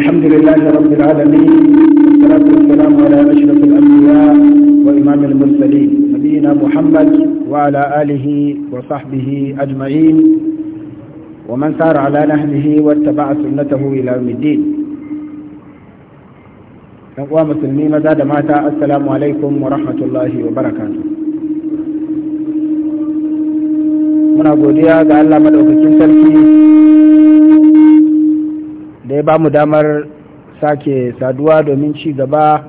الحمد لله رب العالمين والصلاة والسلام على أشرف الأنبياء وإمام المرسلين نبينا محمد وعلى آله وصحبه أجمعين ومن سار على نهجه واتبع سنته إلى يوم الدين أقوى مسلمين زاد ماتا السلام عليكم ورحمة الله وبركاته muna أبو ga Allah madaukakin sarki da ya ba mu damar sake saduwa domin ci gaba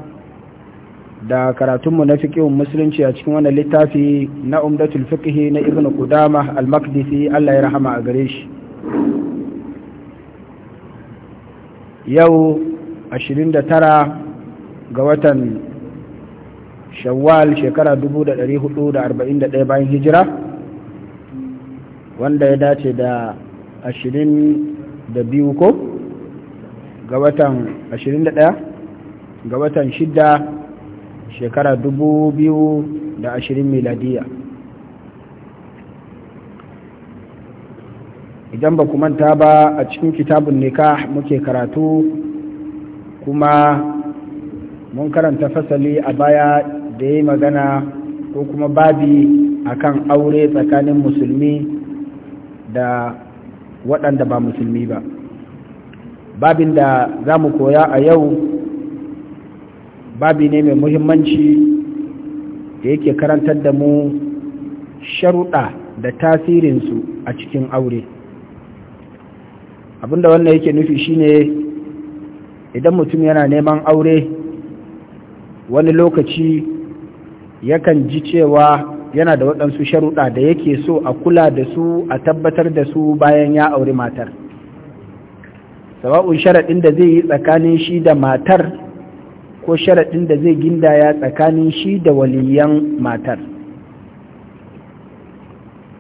da karatunmu na fiƙihun musulunci a cikin wannan littafi na umdatul fiƙihi na ibn kudama al-makdisi allah ya rahama a gare shi yau 29 ga watan shawwal shekara 1441 bayan hijira wanda ya dace da 22 ko ga watan 21 ga watan 6 shekara 2020 miladiya idan ba manta ba a cikin kitabun nikah muke karatu kuma mun karanta fasali a baya da ya magana ko kuma babi akan aure tsakanin musulmi da waɗanda ba musulmi ba babin da za mu koya a yau babi ne mai muhimmanci da yake karantar da mu sharuɗa da tasirinsu a cikin aure abinda wannan yake nufi shine idan mutum yana neman aure wani lokaci yakan ji cewa yana da waɗansu sharuɗa da yake so a kula da su a tabbatar da su bayan ya aure matar sawa'un sharaɗin da zai yi tsakanin shi da matar ko sharaɗin da zai gindaya tsakanin shi da waliyan matar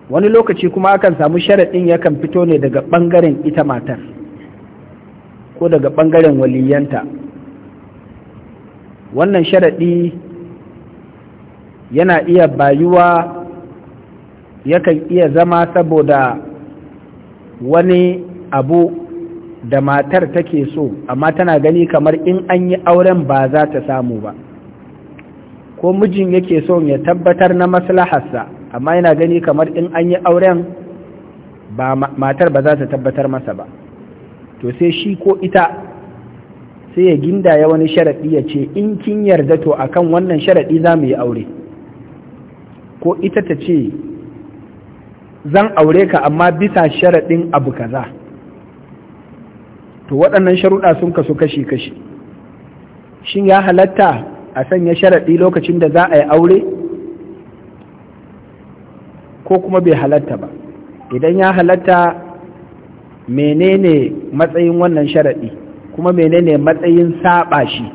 wani lokaci kuma akan samu sharaɗin yakan fito ne daga ɓangaren ita matar ko daga ɓangaren waliyanta wannan sharaɗi yana iya bayuwa yakan iya zama saboda wani abu da matar take so amma tana gani kamar in an yi auren ba za ta samu ba ko mijin yake so ya tabbatar na maslaharsa amma yana gani kamar in an yi auren ba matar ba za ta tabbatar masa ba to sai shi ko ita sai ya ginda ya wani sharaɗi ya ce in kin yarda to akan wannan sharaɗi za mu yi aure ko ita ta ce zan aure ka amma bisa sharaɗin abu kaza. za to waɗannan sharuɗa sun kasu kashi-kashi shin ya halatta a sanya sharaɗi lokacin da za a yi aure ko kuma bai halatta ba idan ya halatta menene matsayin wannan sharaɗi kuma menene matsayin saɓa shi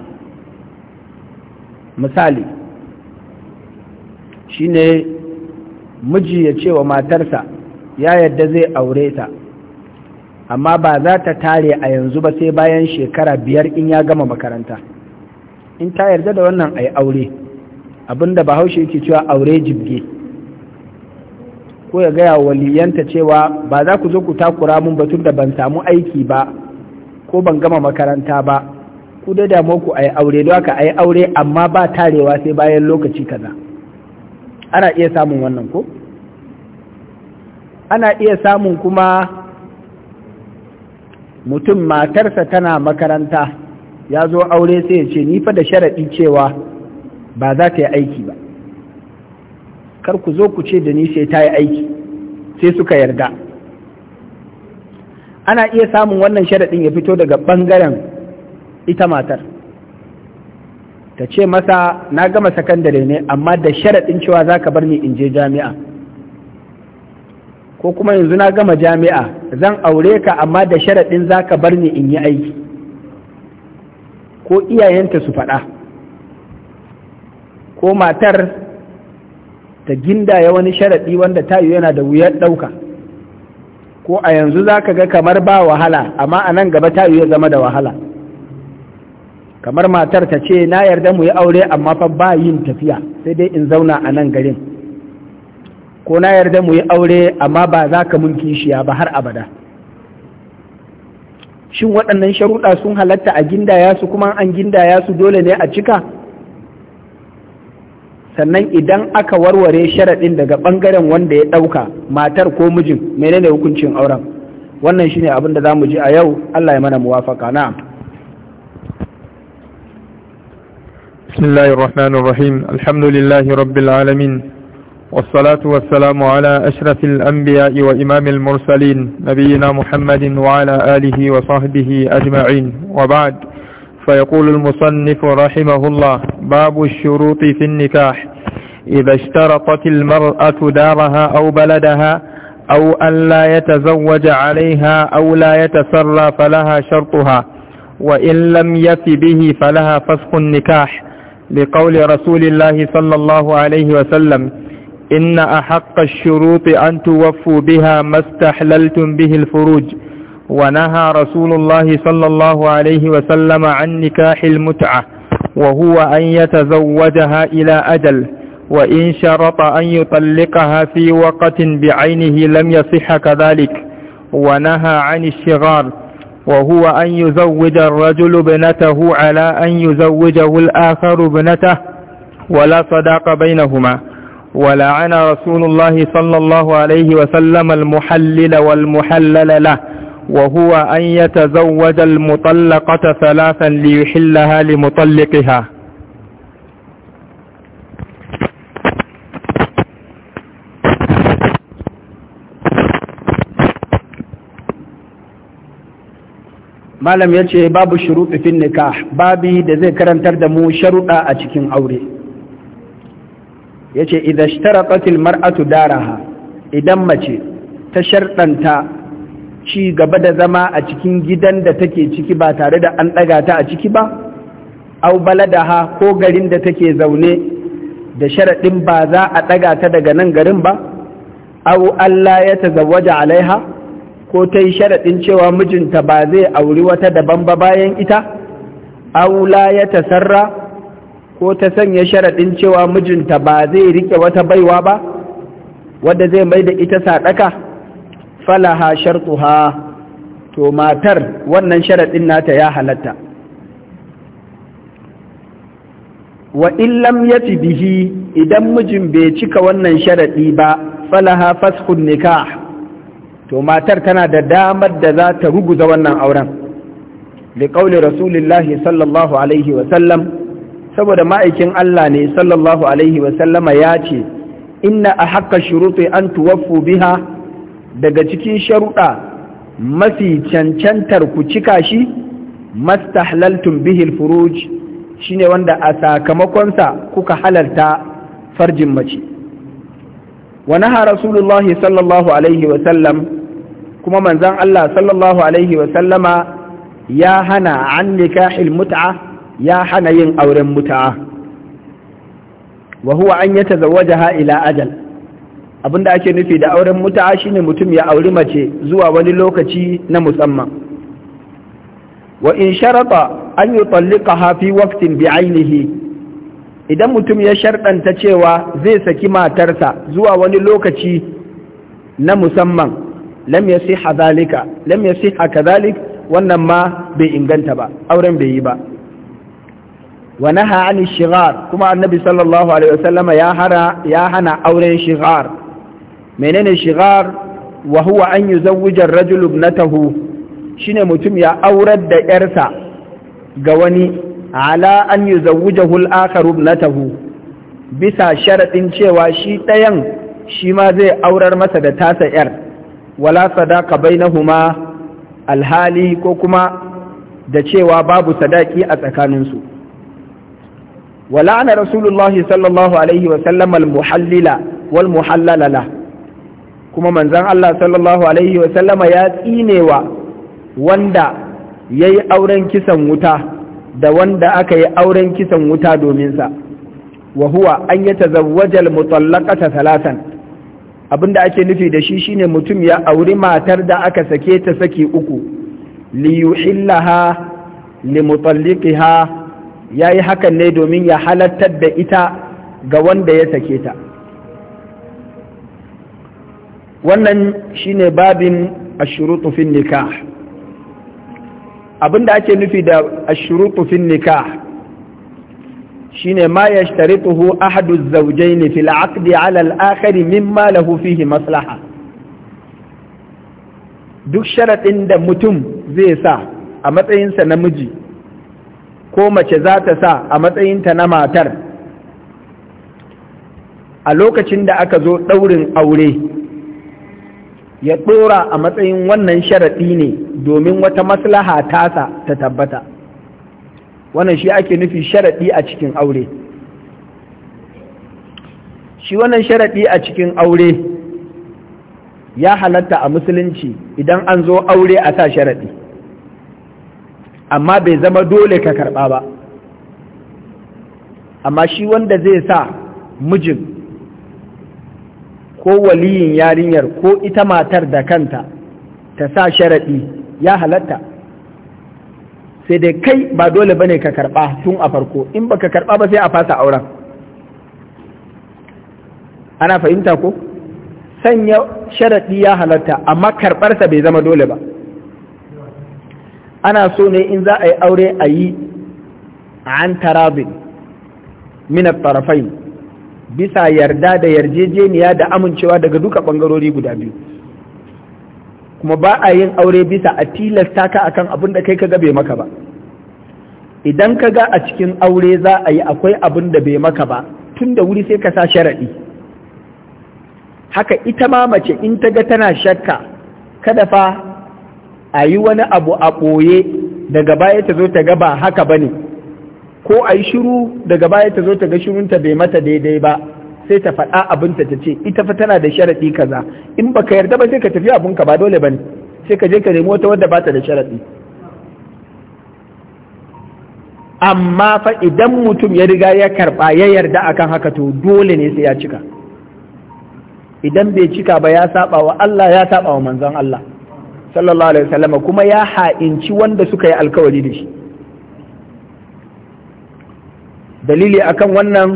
misali shi ne miji ya ce wa matarsa ya yadda zai aure ta amma ba za ta tare a yanzu ba sai bayan shekara biyar in ya gama makaranta in ta yarda da wannan a yi aure abinda bahaushe yake cewa aure jibge ko ya gaya waliyanta cewa ba za ku zo ku takura mun batun da ban samu aiki ba ko ban gama makaranta ba ku da damu ku a yi aure don haka a aure amma ba tarewa sai bayan lokaci kaza ana iya samun wannan ko ana iya samun kuma mutum matarsa tana makaranta ya zo aure sai ya ce ni fa da sharaɗi cewa ba za ta yi aiki ba kar ku zo ku ce da ni sai ta yi aiki sai suka yarda ana iya samun wannan sharaɗin ya fito daga ɓangaren ita matar ta ce masa na gama sakandare ne amma da sharaɗin cewa za ka bar ni in je jami'a ko kuma yanzu na gama jami'a zan aure ka amma da sharaɗin za ka bar ni in yi aiki ko iyayenta su faɗa ko matar ta gindaya wani sharaɗi wanda ta yi yana da wuyar ɗauka ko a yanzu za ka ga kamar ba wahala amma a nan gaba ta yi zama da wahala kamar matar ta ce na yarda mu yi aure amma fa ba yin tafiya sai dai in zauna a nan garin ko na yarda mu yi aure amma ba za ka mun kishiya ba har abada shin waɗannan sharuɗa sun halatta a gindaya su kuma an gindaya su dole ne a cika sannan idan aka warware sharaɗin daga ɓangaren wanda ya ɗauka matar ko mijin menene hukuncin auren wannan shine abin da za mu ji a yau allah ya mana muwafaka na بسم الله الرحمن الرحيم الحمد لله والصلاة والسلام على أشرف الأنبياء وإمام المرسلين نبينا محمد وعلى آله وصحبه أجمعين وبعد فيقول المصنف رحمه الله باب الشروط في النكاح إذا اشترطت المرأة دارها أو بلدها أو أن لا يتزوج عليها أو لا يتسرى فلها شرطها وإن لم يف به فلها فسخ النكاح لقول رسول الله صلى الله عليه وسلم إن أحق الشروط أن توفوا بها ما استحللتم به الفروج ونهى رسول الله صلى الله عليه وسلم عن نكاح المتعة وهو أن يتزوجها إلى أجل وإن شرط أن يطلقها في وقت بعينه لم يصح كذلك ونهى عن الشغار وهو أن يزوج الرجل ابنته على أن يزوجه الآخر ابنته ولا صداق بينهما ولعن رسول الله صلى الله عليه وسلم المحلل والمحلل له وهو أن يتزوج المطلقة ثلاثا ليحلها لمطلقها malam ya ce babu shuruɗi fin nikah babi da zai karantar da mu sharuɗa a cikin aure yace idza ishtaratatil mar'atu daraha idan mace ta sharɗanta ci gaba da zama a cikin gidan da take ciki ba tare da an ɗaga ta a ciki ba aw baladaha ko garin da take zaune da sharaɗin ba za a ɗaga ta daga nan garin ba au Allah ya tazawwaja alaiha ko ta yi sharaɗin cewa mijinta ba zai auri wata daban ba bayan ita au la ya tasarra ko ta sanya sharaɗin cewa mijinta ba zai rike wata baiwa ba wadda zai mai da ita saɗaka falaha shartuha to matar wannan sharaɗin nata ya halatta wa illam ya bihi idan mijin bai cika wannan sharaɗi ba falaha fashun nikah to matar tana da damar da za ta ruguza wannan auren da ƙaunin rasulullahi sallallahu alaihi wasallam saboda ma'aikin Allah ne sallallahu alaihi wasallama ya ce inna a haka shuruɗe an tuwaffu biha daga cikin sharuɗa mafi cancantar ku cika shi mastahlaltum bihil furuj shine wanda a sakamakonsa kuka halarta farjin mace wa naha rasulullahi sallallahu alaihi wasallam kuma manzan Allah sallallahu alaihi wasallama ya hana an nikahil mut'a ya hana yin auren muta wa huwa an yatazawwajaha ila ajal abinda ake nufi da auren muta shine mutum ya auri mace zuwa wani lokaci na musamman wa in sharata an yi hafi waktin bi ainihi. idan mutum ya sharɗanta cewa zai saki matarsa zuwa wani lokaci na musamman lam yasiha zalika lam yasiha kadhalik wannan ma bai inganta ba auren bai yi ba wa naha an shigar kuma annabi sallallahu alaihi wasallama ya ya hana auren shigar menene shigar wa huwa an yuzawwija ar-rajul ibnatahu shine mutum ya aurar da yarsa ga wani ala an yuzawwijahu al-akhar ibnatahu bisa sharadin cewa shi ɗayan shi ma zai aurar masa da tasa yar wala sadaka bainahuma alhali ko kuma da cewa babu sadaki a tsakaninsu ولعن رسول الله صلى الله عليه وسلم المحلل والمحلل له kuma manzan Allah sallallahu alaihi wa sallama ya tsinewa wanda ya yi auren kisan wuta da wanda aka yi auren kisan wuta dominsa wa huwa an yi tazawwajal salasan. Abin abinda ake nufi da shi shine mutum ya auri matar da aka sake ta saki uku li yuhillaha li mutalliqiha ya yi hakan ne domin ya halattar da ita ga wanda ya sake ta wannan shine babin ashurutu nikah abinda ake nufi da ashurutu fin nikah shine ma yashtarituhu ahadu az-zawjayn fil 'aqdi 'ala al-akhar mimma lahu fihi maslaha duk sharaɗin da mutum zai sa a matsayinsa namiji ko mace za ta sa a matsayinta na matar a lokacin da aka zo ɗaurin aure ya ɗora a matsayin wannan sharaɗi ne domin wata maslaha tasa ta tabbata wannan shi ake nufi sharaɗi a cikin aure shi wannan sharaɗi a cikin aure ya halatta a musulunci idan an zo aure a sa sharaɗi amma bai zama dole ka karɓa ba amma shi wanda zai sa mijin ko waliyin yarinyar ko ita matar da kanta ta sa sharaɗi ya halatta sai dai kai ba dole ba ka karɓa tun a farko in ba ka karɓa ba sai a fasa auren ana fahimta ko sanya sharaɗi ya halatta amma karɓarsa bai zama dole ba ana so ne in za a yi aure a yi an tarabin min bisa yarda da yarjejeniya da amincewa daga duka bangarori guda biyu kuma ba a yin aure bisa a tilasta ka akan abin da kai kaga bai maka ba idan ka ga a cikin aure za a yi akwai abin da bai maka ba tun da wuri sai ka sa sharaɗi haka ita ma mace in ta ga tana shakka kada fa a yi wani abu a ɓoye daga baya ta zo ta ga ba haka ba ne ko a yi shiru daga baya ta zo ta ga shirunta bai mata daidai ba sai ta faɗa abinta ta ce ita fa tana da sharaɗi kaza in baka yarda ba sai ka tafi abinka ba dole ba ne sai ka je ka nemi wata wadda ba ta da sharaɗi amma fa idan mutum ya riga ya karɓa ya yarda akan haka to dole ne sai ya cika idan bai cika ba ya saba wa Allah ya saba wa manzon Allah sallallahu alaihi wasallam kuma ya ha'inci wanda suka yi alkawari da shi dalili akan wannan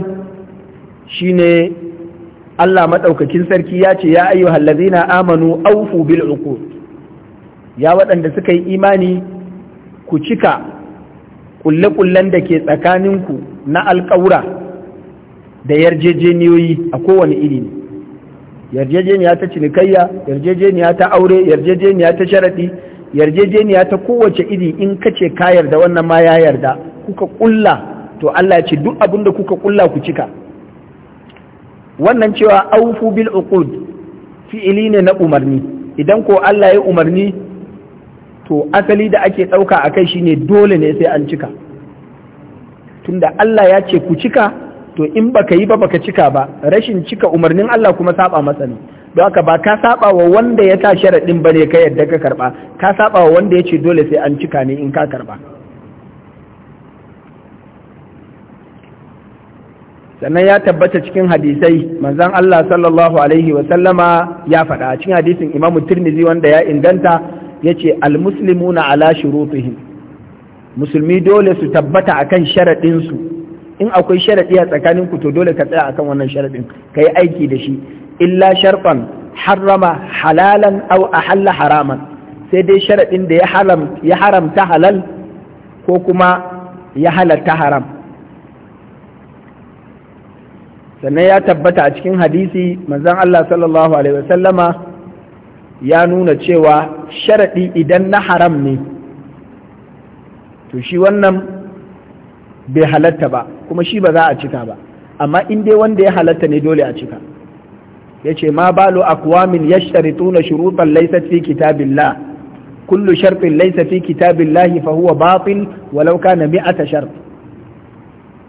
shine Allah maɗaukakin sarki ya ce ya ayyuhal ladzina amanu aufu bil uqud ya waɗanda suka yi imani ku cika kulle-kullen da ke tsakaninku na alƙawura da yarjejeniyoyi a kowane ilimi. yarjejeniya ta cinikayya yarjejeniya ta aure yarjejeniya ta sharadi yarjejeniya ta kowace iri in kace ce ka yarda wannan ma ya yarda kuka ƙulla to Allah ya ce duk abin da kuka kulla ku cika wannan cewa aufu bil uqud fi'ili ne na umarni idan ko Allah ya umarni to asali da ake ɗauka akai shine dole ne sai an cika tunda Allah ya ce ku cika to in baka yi ba baka cika ba rashin cika umarnin Allah kuma saba masa ne don haka ba ka saba wa wanda ya ta sharaɗin ba ne ka yadda ka karba ka saba wa wanda ya ce dole sai an cika ne in ka karba sannan ya tabbata cikin hadisai manzon Allah sallallahu alaihi wa sallama ya faɗa a cikin hadisin Imam Tirmidhi wanda ya inganta yace al-muslimuna ala shurutihim musulmi dole su tabbata akan sharaɗinsu su in akwai sharaɗi a tsakanin ku to dole ka tsaya akan wannan sharadin ka yi aiki da shi illa sharfan harama halalan aw ahalla haraman sai dai sharadin da ya haram ya haramta halal ko kuma ya halatta haram sannan ya tabbata a cikin hadisi manzon Allah sallallahu alaihi wasallama ya nuna cewa sharaɗi idan na haram ne to shi wannan bai halatta ba kuma shi ba za a cika ba amma in dai wanda ya halatta ne dole a cika ya ce ma balu akwamin yashtarituna shurutan laisa fi kitabillah kullu Sharfin laisa fi kitabillahi fa huwa batil walau kana mi'ata sharf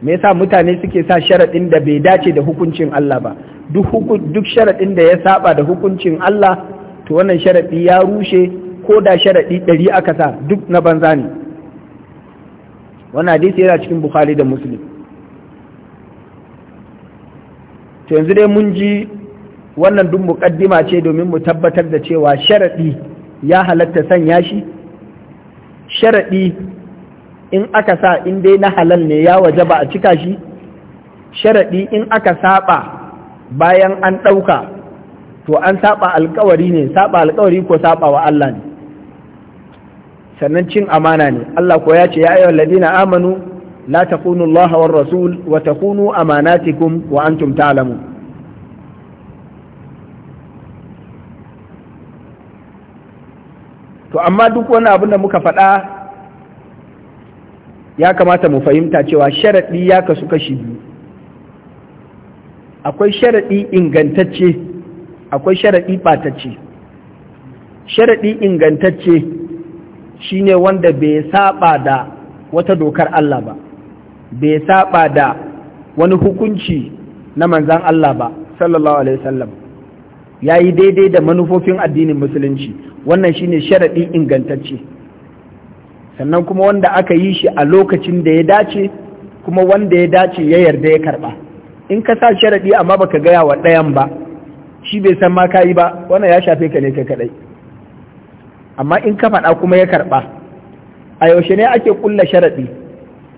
me yasa mutane suke sa sharaɗin da bai dace da hukuncin Allah ba duk sharaɗin da ya saba da hukuncin Allah to wannan sharaɗi ya rushe ko da sharaɗi ɗari aka sa duk na banza ne wannan hadisi yana cikin Bukhari da Muslim to yanzu dai mun ji wannan duk muƙaddima ce domin mu tabbatar da cewa sharaɗi ya halatta sanya shi sharaɗi in aka sa in dai na halal ne ya waje ba a cika shi sharaɗi in aka saba bayan an ɗauka to an saba alkawari ne saba alkawari ko saba wa Allah ne sannan cin amana ne Allah ko ya ce ya ayyuhal ladina amanu la takunu Allah wa rasul wa takunu amanatikum wa antum ta'lamun to amma duk wani abin da muka faɗa ya kamata mu fahimta cewa sharaɗi ya kasu kashi biyu akwai sharaɗi ingantacce akwai sharaɗi ɓatacce sharaɗi ingantacce shine wanda bai saɓa da wata dokar Allah ba bai saba da wani hukunci na manzan Allah ba sallallahu alaihi wasallam ya yi daidai da manufofin addinin musulunci wannan shine sharaɗi ingantacce sannan kuma wanda aka yi shi a lokacin da ya dace kuma wanda ya dace ya yarda ya karɓa in ka sa sharaɗi amma baka gaya wa ɗayan ba shi bai san ma ka yi ba wannan ya shafe ka ne kai kaɗai amma in ka faɗa kuma ya karɓa a yaushe ne ake ƙulla sharaɗi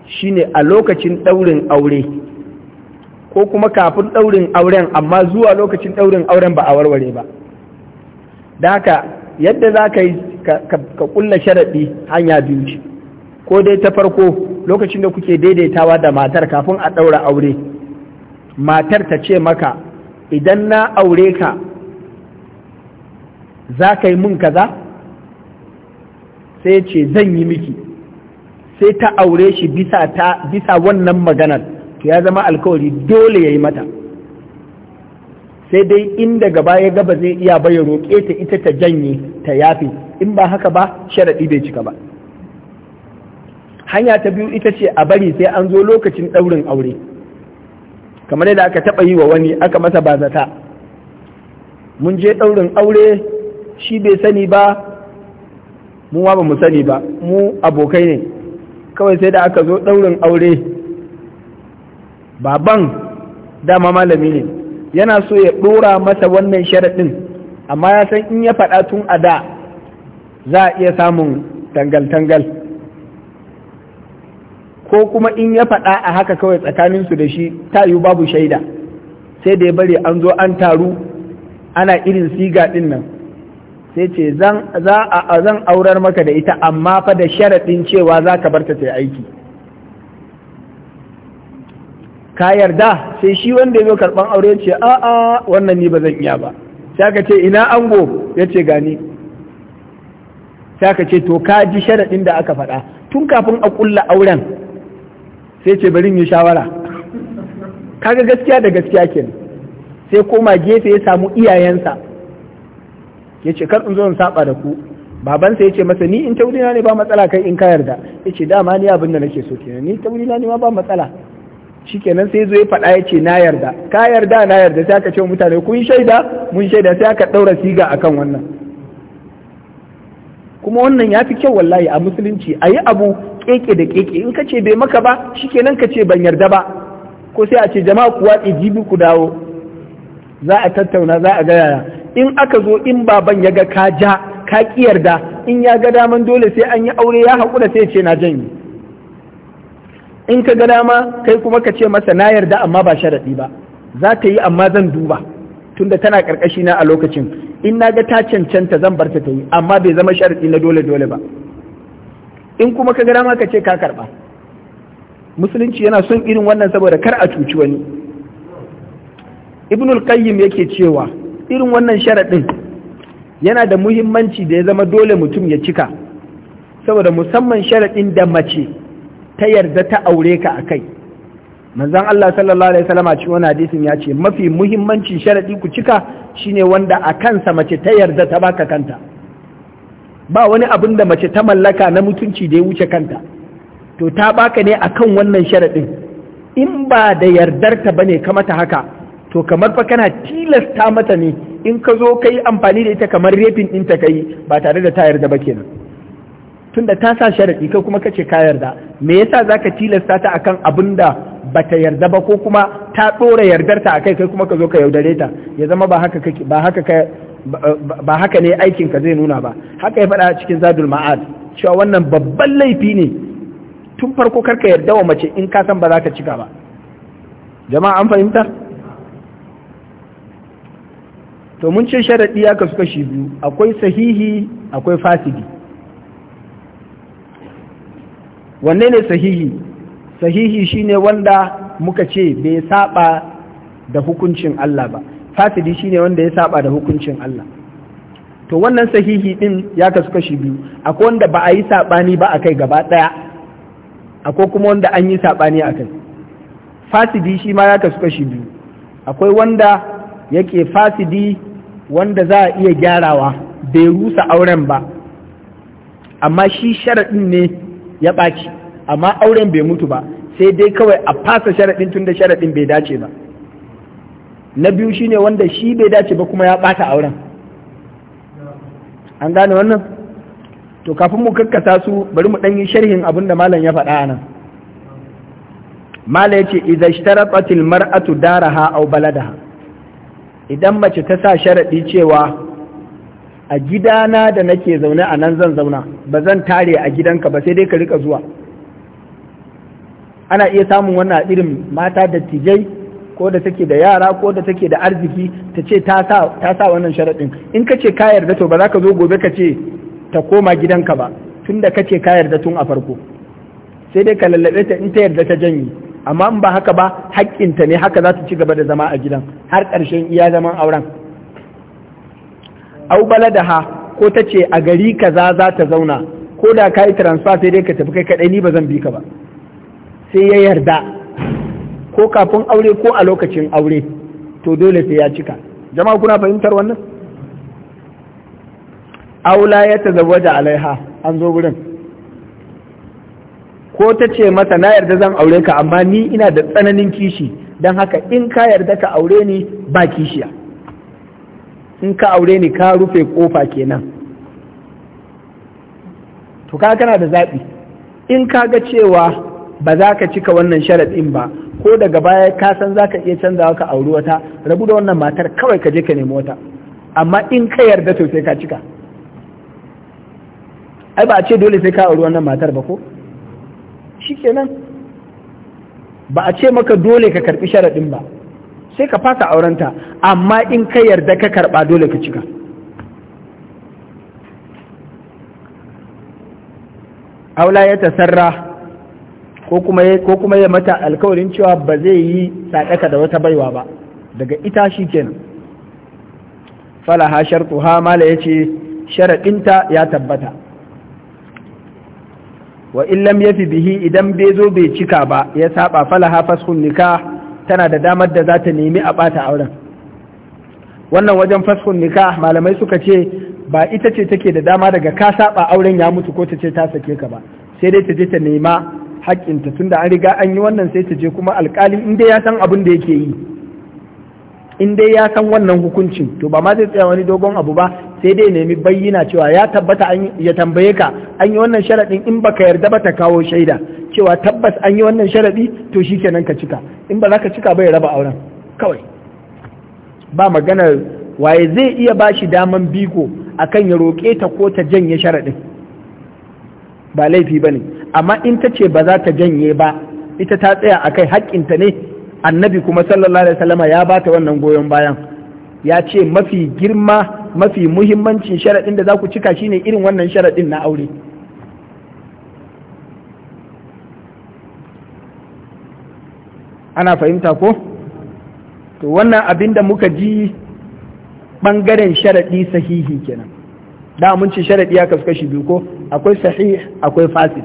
shine a lokacin ɗaurin aure ko kuma kafin ɗaurin auren amma zuwa lokacin ɗaurin auren ba a warware ba da haka yadda za ka yi ka ƙulla sharaɗi hanya biyu ko dai ta farko lokacin da kuke daidaitawa da matar kafin a ɗaura aure matar ta ce maka idan na aure ka za ka yi mun kaza sai ce zan yi miki sai ta aure shi bisa ta bisa wannan maganar to ya zama alkawari dole ya yi mata sai dai inda gaba ya gaba zai iya bai roƙe ta ita ta janye ta yafe in ba haka ba sharaɗi bai cika ba hanya ta biyu ita ce a bari sai an zo lokacin ɗaurin aure kamar yadda aka taɓa yi wa wani aka masa bazata mun je ɗaurin aure shi bai sani ba mu ba mu sani ba mu abokai ne kawai sai da aka zo ɗaurin aure baban dama malami ne yana so ya ɗora masa wannan sharaɗin amma ya san in ya faɗa tun a da za a iya samun tangal-tangal ko kuma in ya faɗa a haka kawai tsakaninsu da shi ta yiwu babu shaida sai da ya bari an zo an taru ana irin siga ɗin nan sai ce zan aurar maka da ita amma fa da sharaɗin cewa za ka barta ta aiki ka yarda sai shi wanda ya zo karɓan aure ce a'a wannan ni ba zan iya ba sai ka ce ina ango ya ce gani sai ka ce to ka ji sharaɗin da aka faɗa tun kafin a ƙulla auren sai ce bari yi shawara kaga gaskiya da gaskiya kenan sai koma gefe ya samu iyayensa ya ce kar in zo in saba da ku babansa ce masa ni in taurina ne ba matsala kai in ka yarda yace dama ni abin da nake so kenan ni taurina ne ma ba matsala shikenan sai zo ya faɗa ya ce na yarda ka yarda na yarda sai aka ce mutane kun shaida mun shaida sai aka ɗaura siga akan wannan kuma wannan ya fi kyau wallahi a musulunci a yi abu keke da keke in ka ce bai maka ba shikenan ka ce ban yarda ba ko sai a ce jama'a kuwa ijibi ku dawo za a tattauna za a ga yaya in aka zo in baban ya ga ka ja ka kiyarda in ya ga daman dole sai an yi aure ya haƙura sai ce na janyi in ka ga dama kai kuma ka ce masa na yarda amma ba sharaɗi ba za ta yi amma zan duba tunda tana ƙarƙashi na a lokacin in na ga ta cancanta zan bar ta ta yi amma bai zama sharaɗi na dole dole ba in kuma ka ga dama ka ce ka karɓa musulunci yana son irin wannan saboda kar a cuci wani ibnul qayyim yake cewa irin wannan sharaɗin yana da muhimmanci da ya zama dole mutum ya cika saboda musamman sharaɗin da mace ta yarda ta aure ka a kai manzan Allah sallallahu alaihi wasallam a cikin wani hadisin ya ce mafi muhimmancin sharaɗi ku cika shine wanda a kansa mace ta yarda ta baka kanta ba wani abin da mace ta mallaka na mutunci da ya wuce kanta to ta baka ne akan wannan sharaɗin in ba da yardarta bane ka mata haka to kamar fa kana tilasta mata ne in ka zo ka yi amfani da ita kamar refin ɗin ta kai ba tare da ta yarda ba kenan tunda ta sa sharaɗi kai kuma kace ka yarda me yasa zaka tilasta ta akan abin da bata yarda ba ko kuma ta ɗora yardarta a kai kai kuma ka zo ka yaudare ta ya zama ba haka ba haka ka ba haka ne aikin ka zai nuna ba haka ya faɗa cikin zadul ma'ad cewa wannan babban laifi ne tun farko karka yarda wa mace in ka san ba za ka cika ba jama'a an fahimta to mun ce sharaɗi ya kasu kashi biyu akwai sahihi akwai fasidi wanne ne sahihi sahihi shine wanda muka ce bai saba da hukuncin Allah ba fasidi shine wanda ya saba da hukuncin Allah to wannan sahihi din ya kasu kashi biyu akwai wanda ba a yi sabani ba akai gaba daya akwai kuma wanda an yi sabani akai fasidi shi ma ya kasu kashi biyu akwai wanda yake fasidi wanda za a iya gyarawa bai rusa auren ba amma shi sharaɗin ne ya ɓaci amma auren bai mutu ba sai dai kawai a fasa sharaɗin tun da sharaɗin bai dace ba na biyu shi ne wanda shi bai dace ba kuma ya ɓata auren an gane wannan to kafin mu kakkasa su bari mu ɗan yi sharhin abin da malam ya faɗa nan malam ya ce idza ishtaratatil mar'atu daraha au baladaha idan mace ta sa sharaɗi cewa a gidana da nake zaune a nan zan zauna ba zan tare a gidanka ba sai dai ka rika zuwa ana iya samun wannan irin mata da tijai ko da take da yara ko da take da arziki ta ce ta sa wannan sharaɗin in ka ce ka yarda to ba za ka zo gobe ka ce ta koma gidanka ba tun da ka ce ka yarda tun a farko sai dai ka lallabe ta in ta yarda ta janye amma in ba haka ba haƙƙinta ne haka za ta ci gaba da zama a gidan har ƙarshen iya zaman auren au ha, ko ta ce a gari kaza za ta zauna ko da ka yi transfer sai dai ka tafi kai kaɗai ni ba zan bi ka ba sai ya yarda ko kafin aure ko a lokacin aure to dole sai ya cika jama'a kuna fahimtar wannan aula ya tazawwaja alaiha an zo gurin ko ta ce masa na yarda zan aure ka amma ni ina da tsananin kishi don haka in ka yarda ka aure ni ba kishiya in ka aure ni ka rufe kofa kenan to ka kana da zaɓi in ka ga cewa ba za ka cika wannan sharaɗin ba ko daga baya ka san za ka iya canzawa ka auri wata rabu da wannan matar kawai ka je ka nemi wata amma in ka yarda to sai ka cika ai ba a ce dole sai ka auri wannan matar ba ko shikenan ba a ce maka dole ka karɓi sharaɗin ba sai ka fasa aurenta amma in ka yarda ka karɓa dole ka cika aula ya tasarra ko kuma ya mata alkawarin cewa ba zai yi saɗaka da wata baiwa ba daga ita shi kenan falaha ha mala ya ce sharaɗinta ya tabbata wa illam yafi bihi idan bai zo bai cika ba ya saba falaha fashun nikah tana da damar da za ta nemi a bata auren wannan wajen fashun nikah malamai suka ce ba ita ce take da dama daga ka saba auren ya mutu ko ta ce ta sake ka ba sai dai ta je ta nema haƙƙinta tunda an riga an yi wannan sai ta je kuma alƙali in dai ya san abin da yake yi in dai ya san wannan hukuncin to ba ma zai tsaya wani dogon abu ba sai dai nemi bayyana cewa ya tabbata ya tambaye ka an yi wannan sharaɗin in baka yarda ba ta kawo shaida cewa tabbas an yi wannan sharaɗi to shi kenan ka cika in ba za ka cika ba ya raba auren kawai ba maganar waye zai iya ba shi daman biko akan ya roƙe ta ko ta janye sharaɗin ba laifi ba ne amma in ta ce ba za ta janye ba ita ta tsaya a kai haƙƙinta ne annabi kuma sallallahu alaihi wasallama ya ba ta wannan goyon bayan ya ce mafi girma mafi muhimmancin sharaɗin da za ku cika shine irin wannan sharaɗin na aure ana fahimta ko to wannan abin da muka ji ɓangaren sharaɗi sahihi kenan da mun ci sharaɗi ya kasu kashi biyu ko akwai sahih akwai fasid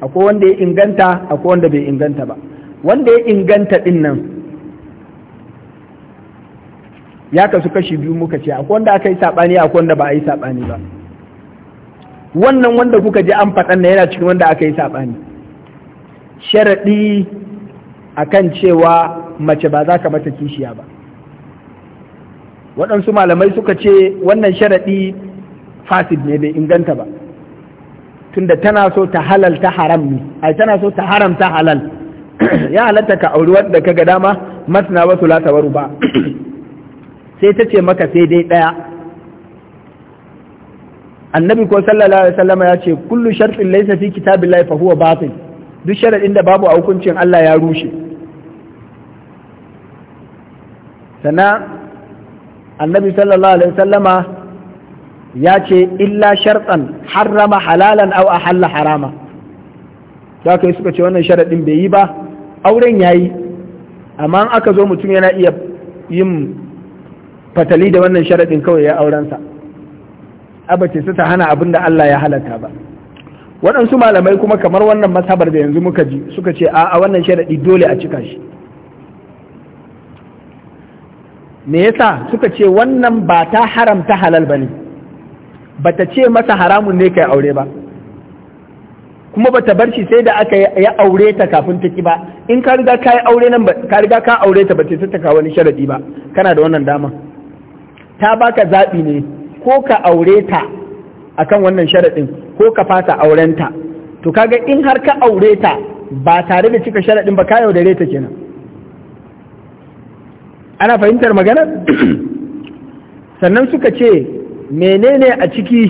akwai wanda ya inganta akwai wanda bai inganta ba wanda ya inganta ɗin nan ya kasu kashi biyu muka ce akwai wanda aka yi saɓani akwai wanda ba a yi saɓani ba wannan wanda kuka ji an faɗan na yana cikin wanda aka yi saɓani sharaɗi akan cewa mace ba za ka mata kishiya ba waɗansu malamai suka ce wannan sharaɗi fasid ne bai inganta ba tunda tana so ta halal ta haram ne ai tana so ta haram ta halal ya halatta ka auri wadda ka ga dama masna wasu lata waru ba sai ta ce maka sai dai ɗaya annabi ko sallallahu alaihi wasallam ya ce kullu shartin laysa fi kitabillahi fa huwa batil duk sharadin da babu a hukuncin Allah ya rushe sana annabi sallallahu alaihi wasallama ya ce illa shartan harrama halalan aw ahalla harama da kai suka ce wannan sharadin bai yi ba auren yayi amma aka zo mutum yana iya yin fatali da wannan sharaɗin kawai ya aurensa abace su ta hana abin da Allah ya halatta ba waɗansu malamai kuma kamar wannan masabar da yanzu muka ji suka ce a wannan sharaɗi dole a cika shi me yasa suka ce wannan ba ta haramta halal ba ne ba ta ce masa haramun ne kai aure ba kuma ba ta bar shi sai da aka ya aure ta kafin ta ba in ka riga ka aure nan ka riga ka aure ta ba ta saka wani sharaɗi ba kana da wannan dama ta baka zaɓi ne ko ka aure ta a kan wannan sharaɗin ko ka fasa aurenta to kaga in har ka aure ta ba tare da cika sharaɗin ba ka yaudare ta kenan ana fahimtar magana sannan suka ce menene a ciki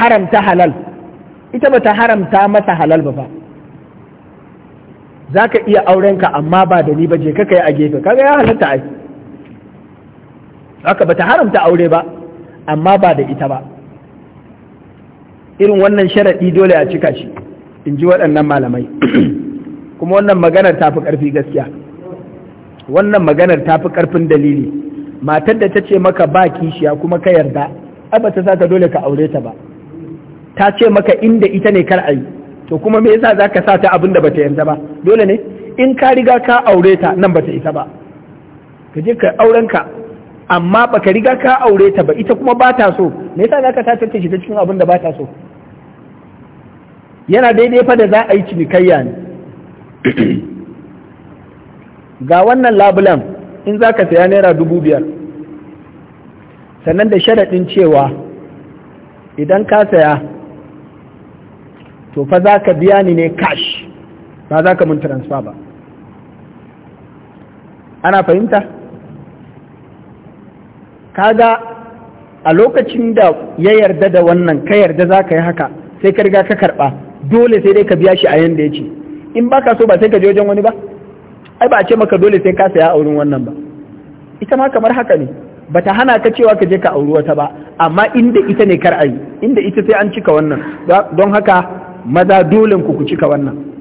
haramta halal ita ba ta haramta masa halal ba fa za ka iya aurenka amma ba da ni ba je ka a gefe kaga ya halatta ai haka bata haramta aure ba amma ba da ita ba irin wannan sharaɗi dole a cika shi in ji waɗannan malamai kuma wannan maganar ta fi ƙarfi gaskiya wannan maganar ta fi ƙarfin dalili matar da ta ce maka ba kishiya kuma ka yarda ba ta sa ta dole ka aure ta ba ta ce maka inda ita ne kar ayi to kuma me yasa za ka sa ta abin da bata yarda ba dole ne in ka riga ka aure ta nan bata isa ba ka je ka auren ka amma baka riga ka aure ta ba ita kuma ba ta so me yasa zaka ta tace ta cikin abin da ba ta so yana daidai fa da za a yi cinikayya ne ga wannan labulan in za ka saya naira dubu biyar sannan da sharaɗin cewa idan ka saya to fa za ka biya ni ne cash ba za ka mun transfer ba ana fahimta? kaga a lokacin da ya yarda da wannan ka yarda za ka yi haka sai ka riga ka karɓa dole sai dai ka biya shi a yanda ya ce in ba ka so ba sai ka je wajen wani ba ai ba a ce maka dole sai ka saya a wurin wannan ba ita ma kamar haka ne ba ta hana ka cewa ka je ka auri wata ba amma inda ita ne kar yi, inda ita sai an cika wannan don haka maza dole ku ku cika wannan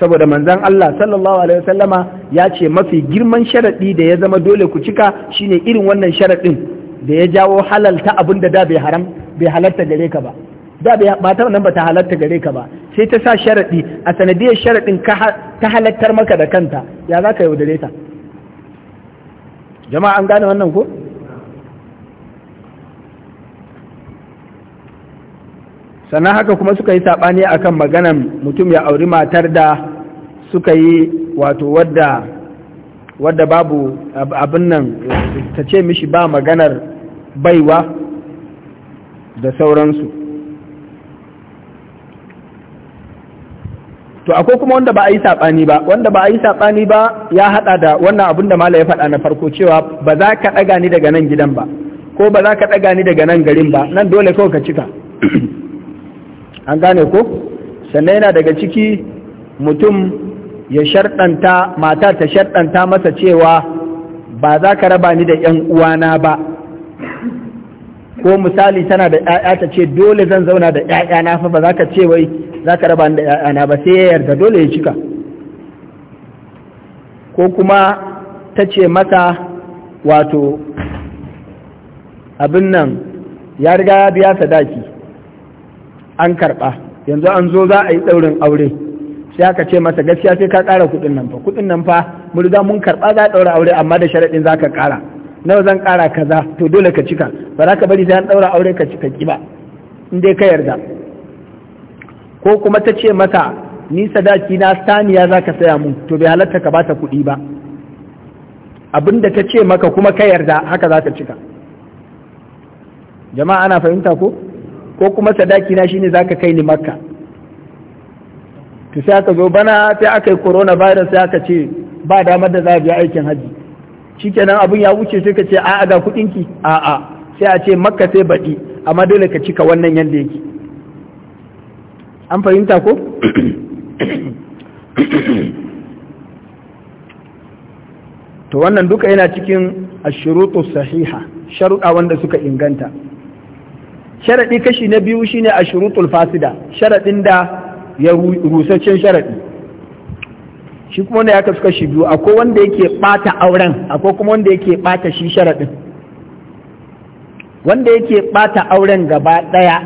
saboda manzan Allah sallallahu alaihi wasallama ya ce mafi girman sharaɗi da ya zama dole ku cika shine irin wannan sharaɗin da ya jawo halalta abin da da bai haram bai halarta gare ka ba da bai ta nan ba ta halarta gare ka ba sai ta sa sharaɗi a sanadiyar sharaɗin ta halartar maka da kanta ya za ka yaudare ta jama'a an gane wannan ko sannan haka kuma suka yi saɓani akan maganan mutum ya auri matar da suka yi wato wadda wadda babu abin nan ta ce mishi ba maganar baiwa da sauransu to akwai kuma wanda ba a yi saɓani ba wanda ba a yi saɓani ba ya haɗa da wannan abin da mala ya faɗa na farko cewa ba za ka ɗaga ni daga nan gidan ba ko ba za ka ɗaga ni daga nan garin ba nan dole kawai ka cika an gane ko sannan yana daga ciki mutum ya sharɗanta mata ta sharɗanta masa cewa ba za ka raba ni da ‘yan uwana ba ko misali tana da ‘ya'ya ta ce dole zan zauna da na fa ba za ka ce wai za ka raba ni da na ba sai ya yarda dole ya cika ko kuma ta ce mata wato abin nan ya riga ya biya sadaki an karɓa yanzu an zo za a yi ɗaurin aure sai aka ce masa gaskiya sai ka ƙara kuɗin nan fa kuɗin nan fa mu riga mun karɓa za a ɗaura aure amma da sharaɗin za ka ƙara nawa zan ƙara kaza to dole ka cika ba za ka bari sai an ɗaura aure ka cika ƙi ba in dai ka yarda ko kuma ta ce masa ni sadaki na saniya za ka saya mun to bai halatta ka bata kuɗi ba abin da ta ce maka kuma ka yarda haka za ka cika jama'a ana fahimta ko ko kuma sadaki na shine za ka kai ni makka to sai aka zo bana sai aka yi virus sai aka ce ba damar da za a biya aikin hajji shikenan abin ya wuce sai ka ce a'a ga kuɗin ki a'a sai a ce makka sai baɗi amma dole ka cika wannan yadda yake an fahimta ko to wannan duka yana cikin ashurutu sahiha sharuɗa wanda suka inganta sharaɗi kashi na biyu shine ashurutul fasida sharaɗin da ya rusaccen sharaɗi shi kuma wanda ya kasu kashi biyu akwai wanda yake ɓata auren akwai kuma wanda yake ɓata shi sharaɗin wanda yake ɓata auren gaba ɗaya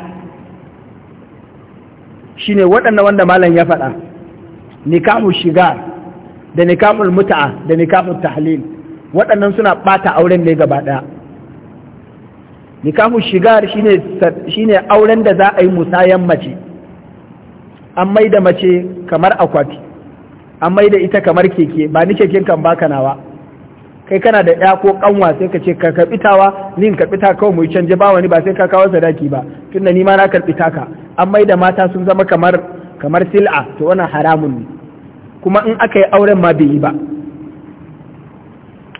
shi ne waɗanda wanda malam ya faɗa nikamu shiga da nikahul muta'a da nikahul tahlil waɗannan suna ɓata auren ne gaba ɗaya nikahu shigar shine auren da za a yi musayan mace an mai da mace kamar akwati an mai da ita kamar keke ba ni keken kan baka nawa kai kana da ya ko kanwa sai ka ce ka karɓi tawa ni in karɓi ta kawai mu canje ba wani ba sai ka kawo sadaki ba tunda ni ma na karbi taka an mai da mata sun zama kamar kamar sil'a to wannan haramun ne kuma in aka yi auren ma bai yi ba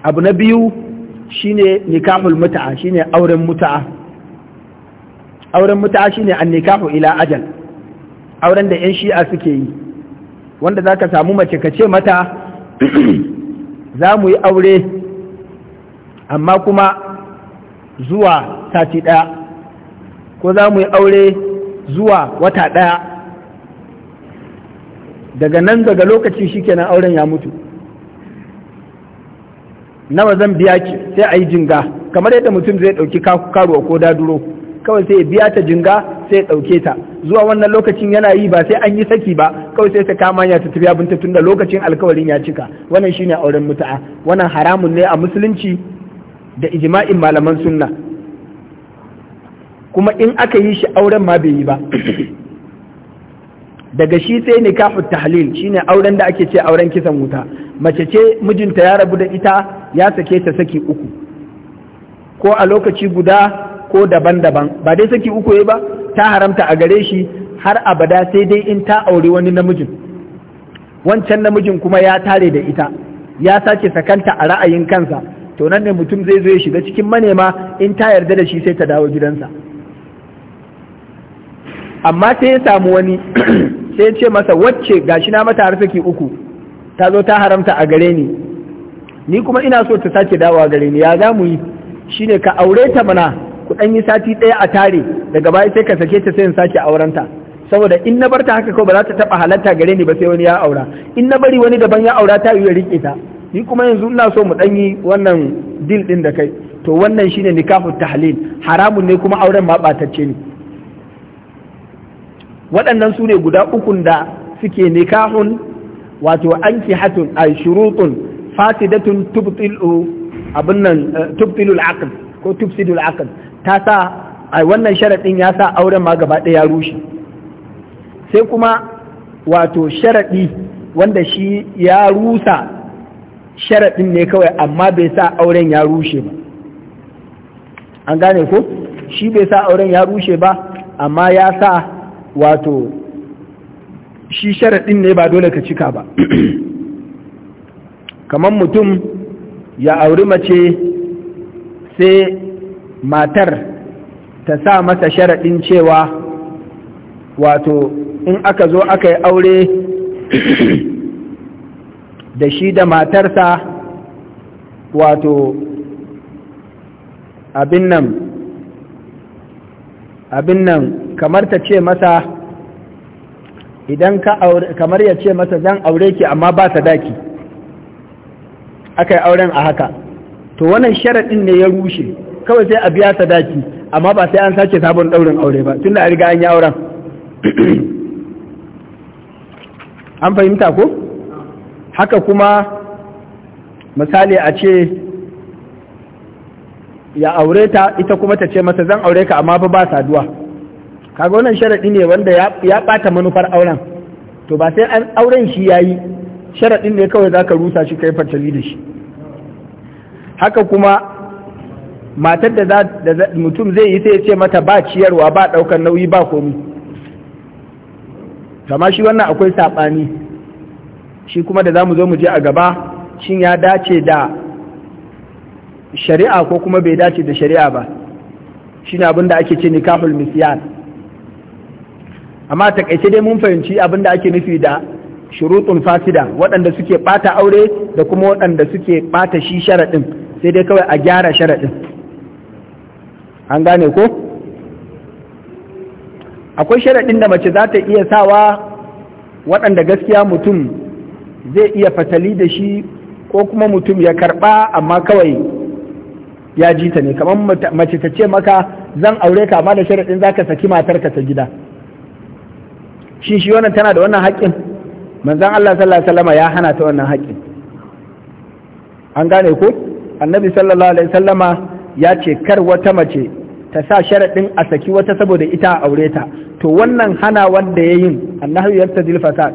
abu na biyu shine nikahul muta'a shine auren muta'a auren muta'a shine an nikahu ila ajal auren da 'yan shi'a suke yi wanda za ka samu mace ka ce mata za mu yi aure amma kuma zuwa sati ɗaya ko za mu yi aure zuwa wata ɗaya daga nan daga lokaci shi shikenan auren ya mutu nawa zan biya ki sai a yi jinga kamar yadda mutum zai ɗauki karuwa ko daduro kawai sai ya biya ta jinga sai ya ɗauke ta zuwa wannan lokacin yana yi ba sai an yi saki ba kawai sai ta kama ya ta tafi abinta tunda lokacin alkawarin ya cika wannan shine auren mutu'a wannan haramun ne a musulunci da ijma'in malaman sunna kuma in aka yi shi auren ma bai yi ba daga shi sai ne nikahu tahlil shine auren da ake ce auren kisan wuta mace ce mijinta ya rabu da ita ya sake ta saki uku ko a lokaci guda ko daban-daban ba dai saki uku ya ba ta haramta a gare shi har abada sai dai in ta auri wani namijin wancan namijin kuma ya tare da ita ya sace sakanta a ra'ayin kansa to nan ne mutum zai zo ya shiga cikin manema in ta yarda da shi sai ta dawo gidansa amma sai ya samu wani sai ce masa wacce gashi na mata har saki uku ta zo ta haramta a gare ni ni kuma ina so ta sake dawowa gare ni ya za mu yi shine ka aure ta mana ku ɗan yi sati ɗaya a tare daga baya sai ka sake ta sai in sake aurenta saboda in na barta haka kawai ba za ta taba halarta gare ni ba sai wani ya aura in na bari wani daban ya aura ta iya rike ta ni kuma yanzu ina so mu dan yi wannan dil din da kai to wannan shine nikahu tahlil haramun ne kuma auren ma batacce ne waɗannan su ne guda ukun da suke nikahun wato an hatun a shurutun fasidatun tubtilu abin nan eh, tubtilul aql ko tubsidul aql ta sa a wannan sharaɗin ya sa auren ma gaba ɗaya ya rushe sai kuma wato sharaɗi wanda shi ya rusa sharaɗin ne kawai amma bai sa auren ya rushe ba an gane ko shi bai sa auren ya rushe ba amma ya sa wato shi sharaɗin ne ba dole ka cika ba kamar mutum ya auri mace sai matar ta sa masa sharaɗin cewa wato in aka zo aka yi aure da shi da matarsa wato abin nan abin nan kamar ta ce masa idan ka aure kamar ya ce masa zan aure ki amma ba sadaki aka yi auren a haka to wannan sharaɗin ne ya rushe kawai sai a biya sadaki amma ba sai an sake sabon ɗaurin aure ba tunda a riga an yi auren an fahimta ko haka kuma misali a ce ya aure ta ita kuma ta ce masa zan aure ka amma ba ba saduwa kaga wannan sharaɗi ne wanda ya ɓata manufar auren to ba sai an auren shi yayi sharaɗin ne kawai zaka rusa shi kai fatali da shi haka kuma matar da mutum zai yi sai ya ce mata ba ciyarwa ba ɗaukar nauyi ba komi kama shi wannan akwai saɓani shi kuma da za mu zo mu je a gaba shin ya dace da shari'a ko kuma bai dace da shari'a ba shi ne abinda ake ce nikahul misyan amma takaice dai mun fahimci abinda ake nufi da shurutun fasida waɗanda suke ɓata aure da kuma waɗanda suke ɓata shi sharaɗin sai dai kawai a gyara sharaɗin an gane ko akwai sharaɗin da mace za ta iya sawa waɗanda gaskiya mutum zai iya fatali da shi ko kuma mutum ya karɓa amma kawai ya ji ta ne kamar mace ta ce maka zan aure ka amma da sharaɗin za ka saki matarka ta gida shi shi wannan tana da wannan haƙƙin manzan Allah sallallahu alaihi ya hana ta wannan haƙƙin an gane ko annabi sallallahu alaihi wasallama ya ce kar wata mace ta sa sharaɗin a saki wata saboda ita a aure ta to wannan hana wanda ya yin annahu yabtadil fasad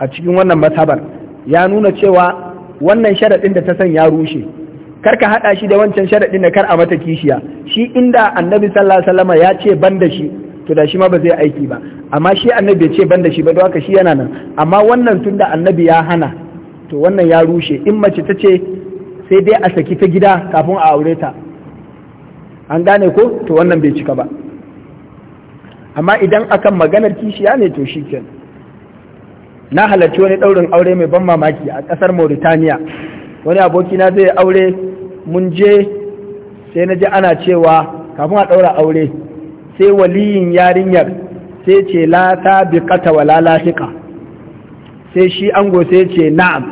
a cikin wannan masabar ya nuna cewa wannan sharaɗin da ta san ya rushe kar ka haɗa shi da wancan sharaɗin da kar a mata kishiya shi inda annabi sallallahu alaihi wasallam ya ce ban da shi to da shi ma ba zai aiki ba amma shi annabi ya ce ban da shi ba don haka shi yana nan amma wannan tunda annabi ya hana to wannan ya rushe in mace ta ce sai dai a saki ta gida kafin a aure ta an gane ko to wannan bai cika ba amma idan akan maganar kishiya ne to shi na halarci wani ɗaurin aure mai ban mamaki a ƙasar mauritaniya wani abokina zai aure mun je sai na ji ana cewa kafin a ɗaura aure sai waliyin yarinyar sai ce lata ta wa lalashika sai shi ango sai ce na'am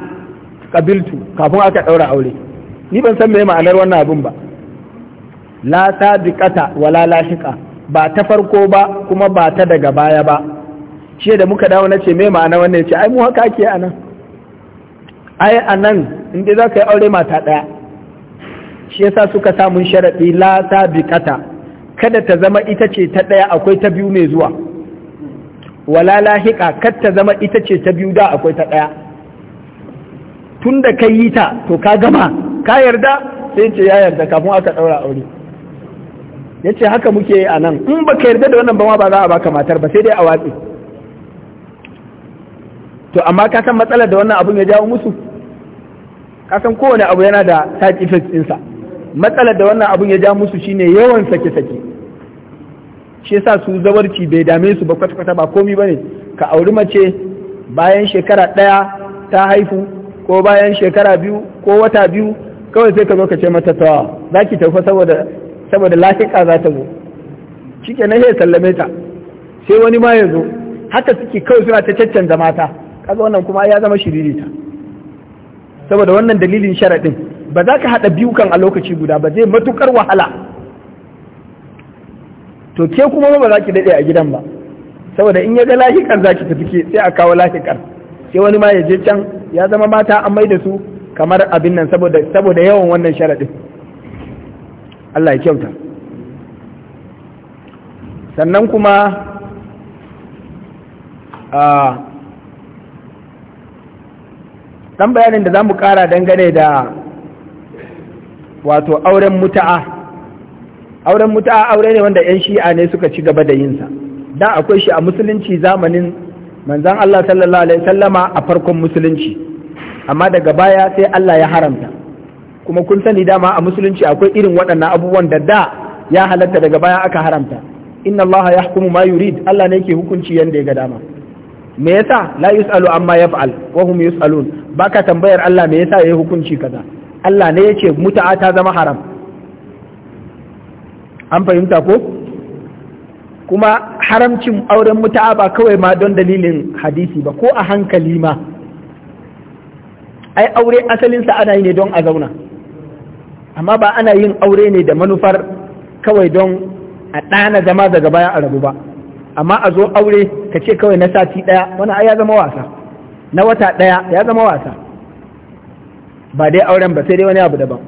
ƙabiltu kafin aka ɗaura aure ni ban san me ma'anar wannan abin ba la sabiqata wala lashiqa ba ta farko ba kuma ba ta daga baya ba shi da muka dawo na ce me ma'ana wannan ce ai mu haka ake anan ai anan in za ka yi aure mata daya shi yasa suka sa mun sharadi la sabiqata kada ta zama ita ce ta daya akwai ta biyu mai zuwa wala lahiqa kada ta zama ita ce ta biyu da akwai ta daya tun da ka yi ta to ka gama ka yarda sai ce ya yarda kafin aka ɗaura aure ya ce haka muke a nan in ba ka yarda da wannan bama ba za a baka matar ba sai dai a watsi to amma ka san matsalar da wannan abun ya jawo musu ka san kowane abu yana da side effects ɗinsa matsalar da wannan abun ya jawo musu shine yawan sake-sake shi yasa su zawarci bai dame su ba kwata-kwata ba komi bane ka auri mace bayan shekara ɗaya ta haifu ko bayan shekara biyu ko wata biyu kawai sai ka zo ka ce mata tawa za ki tafi saboda saboda lafiƙa za ta zo shi ke nan sai sallame ta sai wani ma ya zo haka suke kawai suna ta caccanza mata kaga wannan kuma ya zama ta. saboda wannan dalilin sharaɗin ba za ka haɗa biyu kan a lokaci guda ba zai matukar wahala to ke kuma ba za ki daɗe a gidan ba saboda in ya ga lahikan za ki tafi ke sai a kawo lahikan sai wani ma ya je can ya zama mata an mai da su kamar abin nan saboda yawan wannan sharaɗin Allah ya kyauta sannan kuma a ɗan bayanin da za mu ƙara dangane da wato auren muta'a auren muta'a aure ne wanda 'yan shi'a ne suka ci gaba da yinsa da akwai shi a musulunci zamanin manzan Allah sallallahu Alaihi sallama a farkon musulunci amma daga baya sai Allah ya haramta kuma kun sani dama a musulunci akwai irin waɗannan abubuwan da da ya halatta daga baya aka haramta inna Allah ya hukumu ma yurid Allah ne yake hukunci yanda ya ga dama me yasa la yusalu amma yaf'al wa hum yusalun baka tambayar Allah me yasa yayi hukunci kaza Allah ne yace muta'a ta zama haram an fahimta ko kuma haramcin auren muta'a ba kawai ma don dalilin hadisi ba ko a hankali ma ai aure asalinsa ana yi ne don a zauna amma ba ana yin aure ne da manufar kawai don a ɗana zama daga baya a rabu ba amma a zo aure ka ce kawai na sati ɗaya wani ai ya zama wasa na wata ɗaya ya zama wasa ba dai auren ba sai dai wani abu daban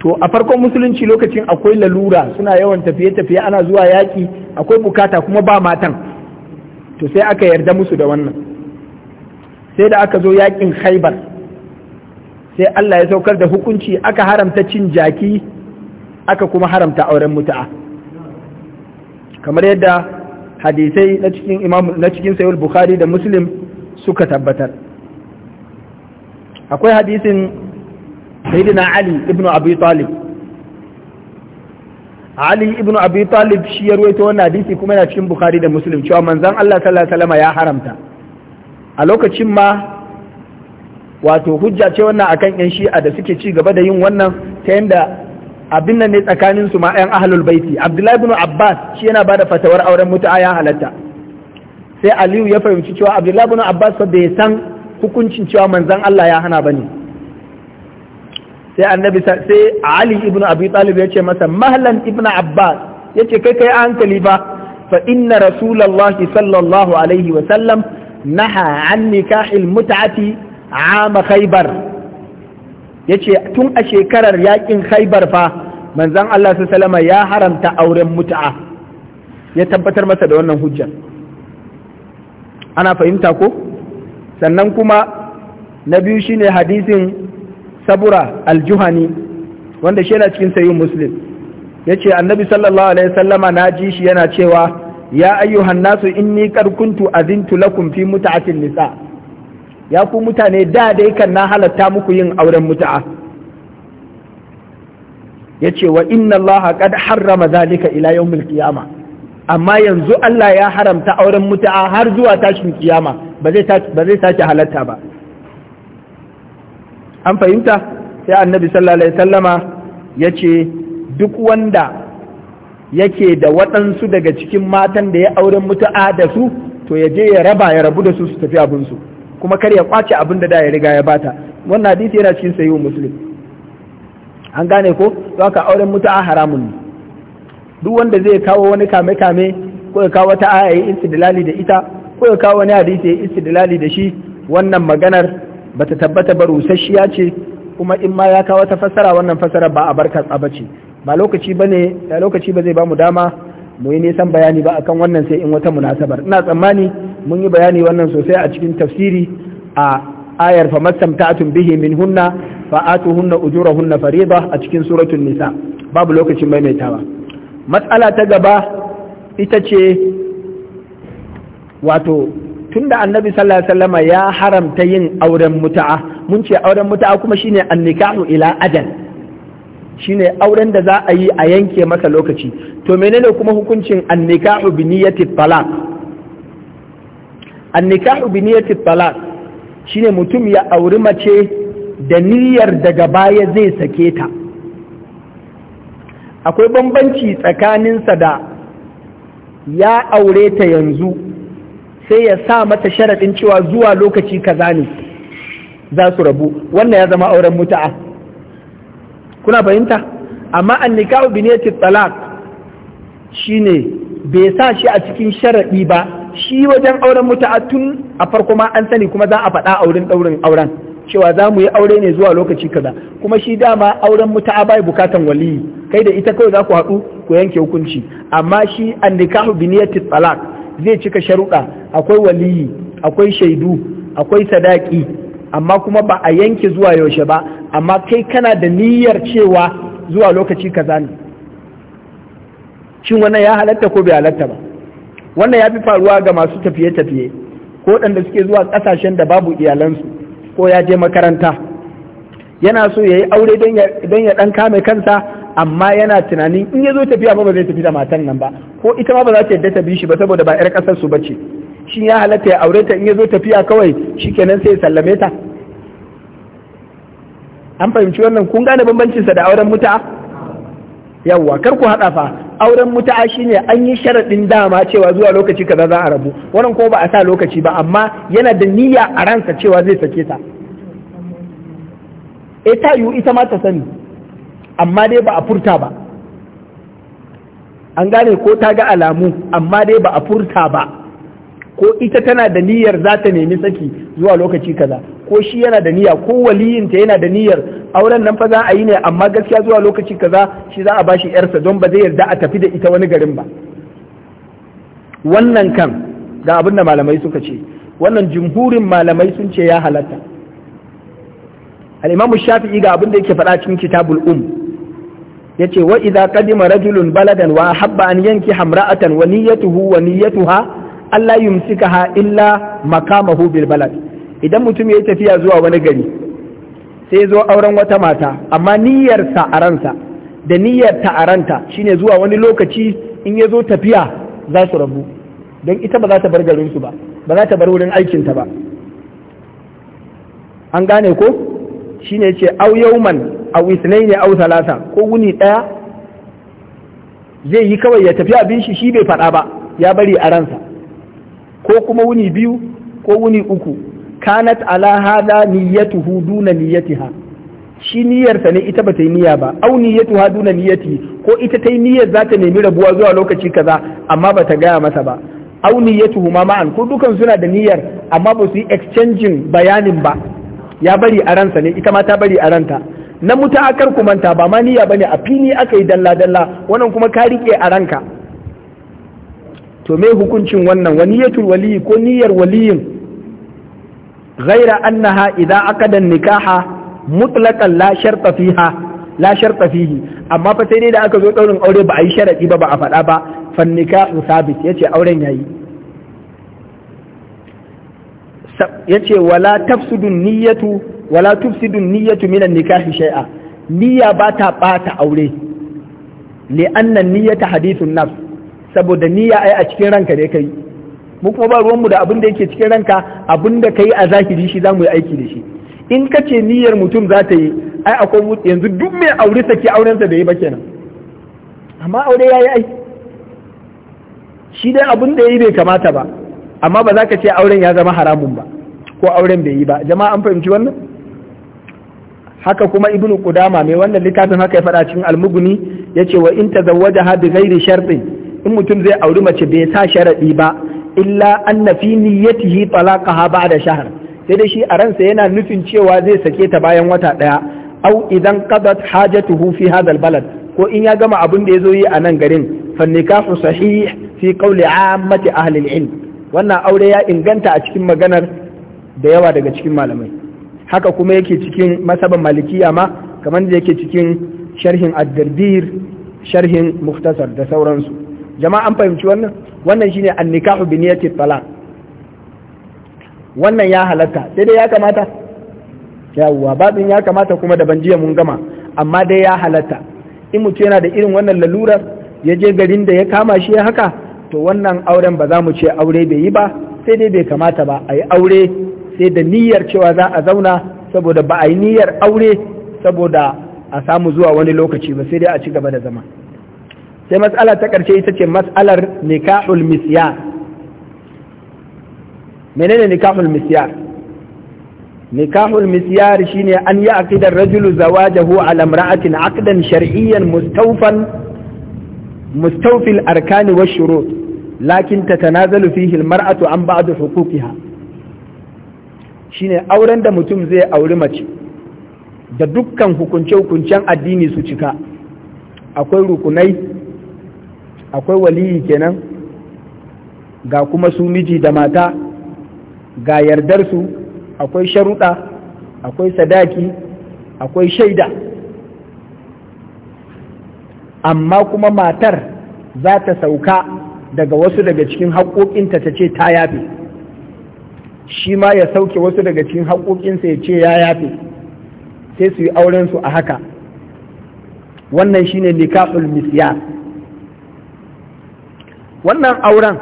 to a farkon musulunci lokacin akwai lalura suna yawan tafiye-tafiye ana zuwa yaƙi akwai bukata kuma ba matan to sai aka yarda musu da wannan sai da aka zo yakin haibar sai Allah ya saukar da hukunci aka haramta cin jaki aka kuma haramta auren mutu'a kamar yadda hadisai na cikin imam na cikin sayyid bukhari da muslim suka tabbatar akwai hadisin sayyidina ali ibnu abi talib Ali ibnu Abi Talib shi ya ruwaito wannan hadisi kuma yana cikin Bukhari da Muslim cewa manzon Allah sallallahu alaihi wasallam ya haramta a lokacin ma wato hujja ce wannan akan yan shi'a da suke ci gaba da yin wannan ta yadda abin nan ne tsakanin su ma yan ahlul baiti abdullahi ibn abbas shi yana bada fatawar auren mutu'a ya halatta sai aliyu ya fahimci cewa abdullahi ibn abbas fa bai san hukuncin cewa manzon Allah ya hana bane sai annabi sai ali ibn abi talib ya ce masa mahlan ibn abbas yace kai kai hankali ba fa inna rasulullahi sallallahu alaihi wa sallam naha an nikahil mut'ati ama khaybar yace tun a shekarar yakin khaybar fa manzon Allah sallallahu ya haramta auren mutu'a. ya tabbatar masa da wannan hujjar ana fahimta ko sannan kuma na biyu shine hadisin sabura aljuhani wanda shi yana cikin sayin muslim ya ce annabi sallallahu alaihi sallama na ji shi yana cewa ya ayyuhan nasu inni qad kuntu azintu lakum fi nisa ya ku mutane da dai kan na halatta muku yin auren mut'a yace wa inna allaha qad harrama zalika ila yawmil qiyama amma yanzu Allah ya haramta auren mutu'a har zuwa tashin kiyama ba zai sake halatta ba an fahimta sai annabi sallallahu alaihi wasallama yace duk wanda yake da waɗansu daga cikin matan da ya auren mutu'a da su to ya je ya raba ya rabu da su su tafi abinsu kuma kar ya kwace abin da da ya riga ya bata wannan hadisi yana cikin sayyid muslim an gane ko don auren mutu'a haramun ne duk wanda zai kawo wani kame kame ko ya kawo wata aya istidlali da ita ko ya kawo wani hadisi ya istidlali da shi wannan maganar bata tabbata ba rusasshiya ce kuma in ma ya kawo ta fassara wannan fassara ba a barka tsaba ce ba lokaci da lokaci ba zai ba mu dama mu yi nisan bayani ba akan wannan sai in wata munasabar ina tsammani mun yi bayani wannan sosai a cikin tafsiri a ayar fa mastamta'tum bihi min hunna fa atuhunna ujurahunna fariida a cikin suratul nisa babu lokacin maimaitawa matsala ta gaba ita ce wato tunda annabi sallallahu alaihi wasallama ya haramta yin auren muta'a mun ce auren muta'a kuma shine annikahu ila adal shine auren da za a yi a yanke masa lokaci to menene kuma hukuncin annikahu bi niyyati talaq annikahu bi niyyati talaq shine mutum ya auri mace da niyyar daga baya zai sake ta akwai bambanci tsakaninsa da ya aure ta yanzu sai ya sa mata sharaɗin cewa zuwa lokaci kaza ne za su rabu wannan ya zama auren mutu'a kuna fahimta amma an nikahu bi niyyati talaq shine bai sa shi a cikin sharaɗi ba shi wajen auren muta'attun a farko ma an sani kuma za a faɗa auren ɗaurin auren cewa za mu yi aure ne zuwa lokaci kaza kuma shi dama auren muta'a bai bukatan waliyi kai da ita kawai za ku haɗu ku yanke hukunci amma shi an nikahu bi niyyati talaq zai cika sharuɗa akwai waliyi akwai shaidu akwai sadaki amma kuma ba a yanke zuwa yaushe ba amma kai kana da niyyar cewa zuwa lokaci kaza ne shin wannan ya halatta ko bai halatta ba wannan ya fi faruwa ga masu tafiye-tafiye ko waɗanda suke zuwa ƙasashen da babu iyalansu ko ya je makaranta yana so ya yi aure don ya ɗan kame kansa amma yana tunanin in ya zo tafiya ba ba zai tafi da matan nan ba ko ita ma ba za ta yadda ta bi shi ba saboda ba 'yar ƙasar su ba ce shi ya halatta ya aure ta in ya zo tafiya kawai shi kenan sai ya sallame ta an fahimci wannan kun gane bambancinsa da auren muta yawwa kar ku haɗa fa auren muta shine an yi sharaɗin dama cewa zuwa lokaci kaza za a rabu wannan ko ba a sa lokaci ba amma yana da niyya a ransa cewa zai sake ta e ta yiwu ita ma ta sani amma dai ba a furta ba an gane ko ta ga alamu amma dai ba a furta ba ko ita tana da niyyar za ta nemi saki zuwa lokaci kaza ko shi yana da niyya ko waliyinta yana da niyyar auren nan fa za a yi ne amma gaskiya zuwa lokaci kaza shi za a bashi yarsa don ba zai yarda a tafi da ita wani garin ba wannan kan ga abin da malamai suka ce wannan jumhurin malamai sun ce ya halatta al-imam shafi'i ga abin da yake faɗa cikin kitabul um yace wa idza qadima rajulun baladan wa habba an yanki hamra'atan wa niyyatuhu wa niyyatuha Allah yumsikaha illa makama bil balad idan mutum ya yi tafiya zuwa wani gari sai zo auren wata mata amma niyyarsa a ransa da niyyar ta a ranta shine zuwa wani lokaci in ya zo tafiya za su rabu don ita ba za ta bar garinsu ba ba za ta bar wurin aikinta ba an gane ko shine ce au yauman au ne au salasa ko wuni ɗaya. zai yi kawai ya tafi abin shi shi bai faɗa ba ya bari a ransa ko kuma wuni biyu ko wuni uku kanat ala hada niyyatuhu duna niyyatiha shi niyyarsa ne ita ba ta yi niyya ba au niyyatuha duna niyyati ko ita ta yi niyyar za ta nemi rabuwa zuwa lokaci kaza amma ba bata gaya masa ba au niyyatuhu ma ma'an ko dukan suna da niyyar amma ba su yi exchanging bayanin ba ya bari a ransa ne ita ma ta bari a ranta na mutaakar akar kumanta ba ma niyya bane a fili aka yi dalla dalla wannan kuma ka rike a ranka to me hukuncin wannan waniyatul waliyi ko niyyar waliyin ghaira annaha idan aqada nikaha mutlaqan la sharta fiha la sharta fihi amma fa sai dai da aka zo daurin aure ba a yi sharadi ba ba a faɗa ba fan nikahu sabit yace auren yayi yace wala tafsidu niyyatu wala tufsidu niyyatu minan nikahi shay'a niyya ba ta bata aure li anna niyyata hadithun nafs saboda niyya ai a cikin ranka ne kai mu kuma ba ruwanmu da abin da yake cikin ranka abin da kai a zahiri shi za mu yi aiki da shi in ka ce niyyar mutum za ta yi ai akwai yanzu duk mai aure sake aurensa da yi ba kenan amma aure ya yi ai shi dai abin da ya yi bai kamata ba amma ba za ka ce auren ya zama haramun ba ko auren bai yi ba jama'a an fahimci wannan haka kuma ibnu qudama mai wannan littafin haka ya faɗa cikin almuguni yace wa in tazawwaja bi ghairi shartin in mutum zai auri mace bai sa sharaɗi ba illa anna fi niyyatihi talaqaha ba'da shahr sai dai shi a ransa yana nufin cewa zai sake ta bayan wata ɗaya au idan qadat hajatuhu fi hadha albalad ko in ya gama abun da yazo yi a nan garin fa nikahu sahih fi qawli ammati ahli alilm wannan aure ya inganta a cikin maganar da yawa daga cikin malamai haka kuma yake cikin masaban malikiya ma kamar da yake cikin sharhin ad-dardir sharhin muftasar da sauransu jama'a an fahimci wannan wannan shine nikahu bi niyyati talaq wannan ya halatta sai dai ya kamata yawwa babin ya kamata kuma da ban jiya mun gama amma dai ya halatta in mutum yana da irin wannan lalurar ya je garin da ya kama shi ya haka to wannan auren ba za mu ce aure bai yi ba sai dai bai kamata ba a yi aure sai da niyyar cewa za a zauna saboda ba a yi niyyar aure saboda a samu zuwa wani lokaci ba sai dai a ci gaba da zama sai matsala ta ƙarshe ita ce mas'alar nika'ul misya menene nika'ul misya nika'ul misya shine an yi aqidar rajulu zawajahu ala imra'atin aqdan shar'iyyan mustawfan mustawfil arkani wa shurut lakin tatanazalu fihi almar'atu an ba'd huquqiha shine auren da mutum zai auri mace da dukkan hukunce-hukuncen addini su cika akwai rukunai akwai waliyi kenan ga kuma su miji da mata ga yardarsu akwai sharuɗa akwai sadaki akwai shaida amma kuma matar za ta sauka daga wasu daga cikin haƙoƙinta ta ce ta yafe shi ma ya sauke wasu daga cikin haƙoƙinsa ya ce ya yafe sai su yi aurensu a haka wannan shine nikahul misyar wannan auren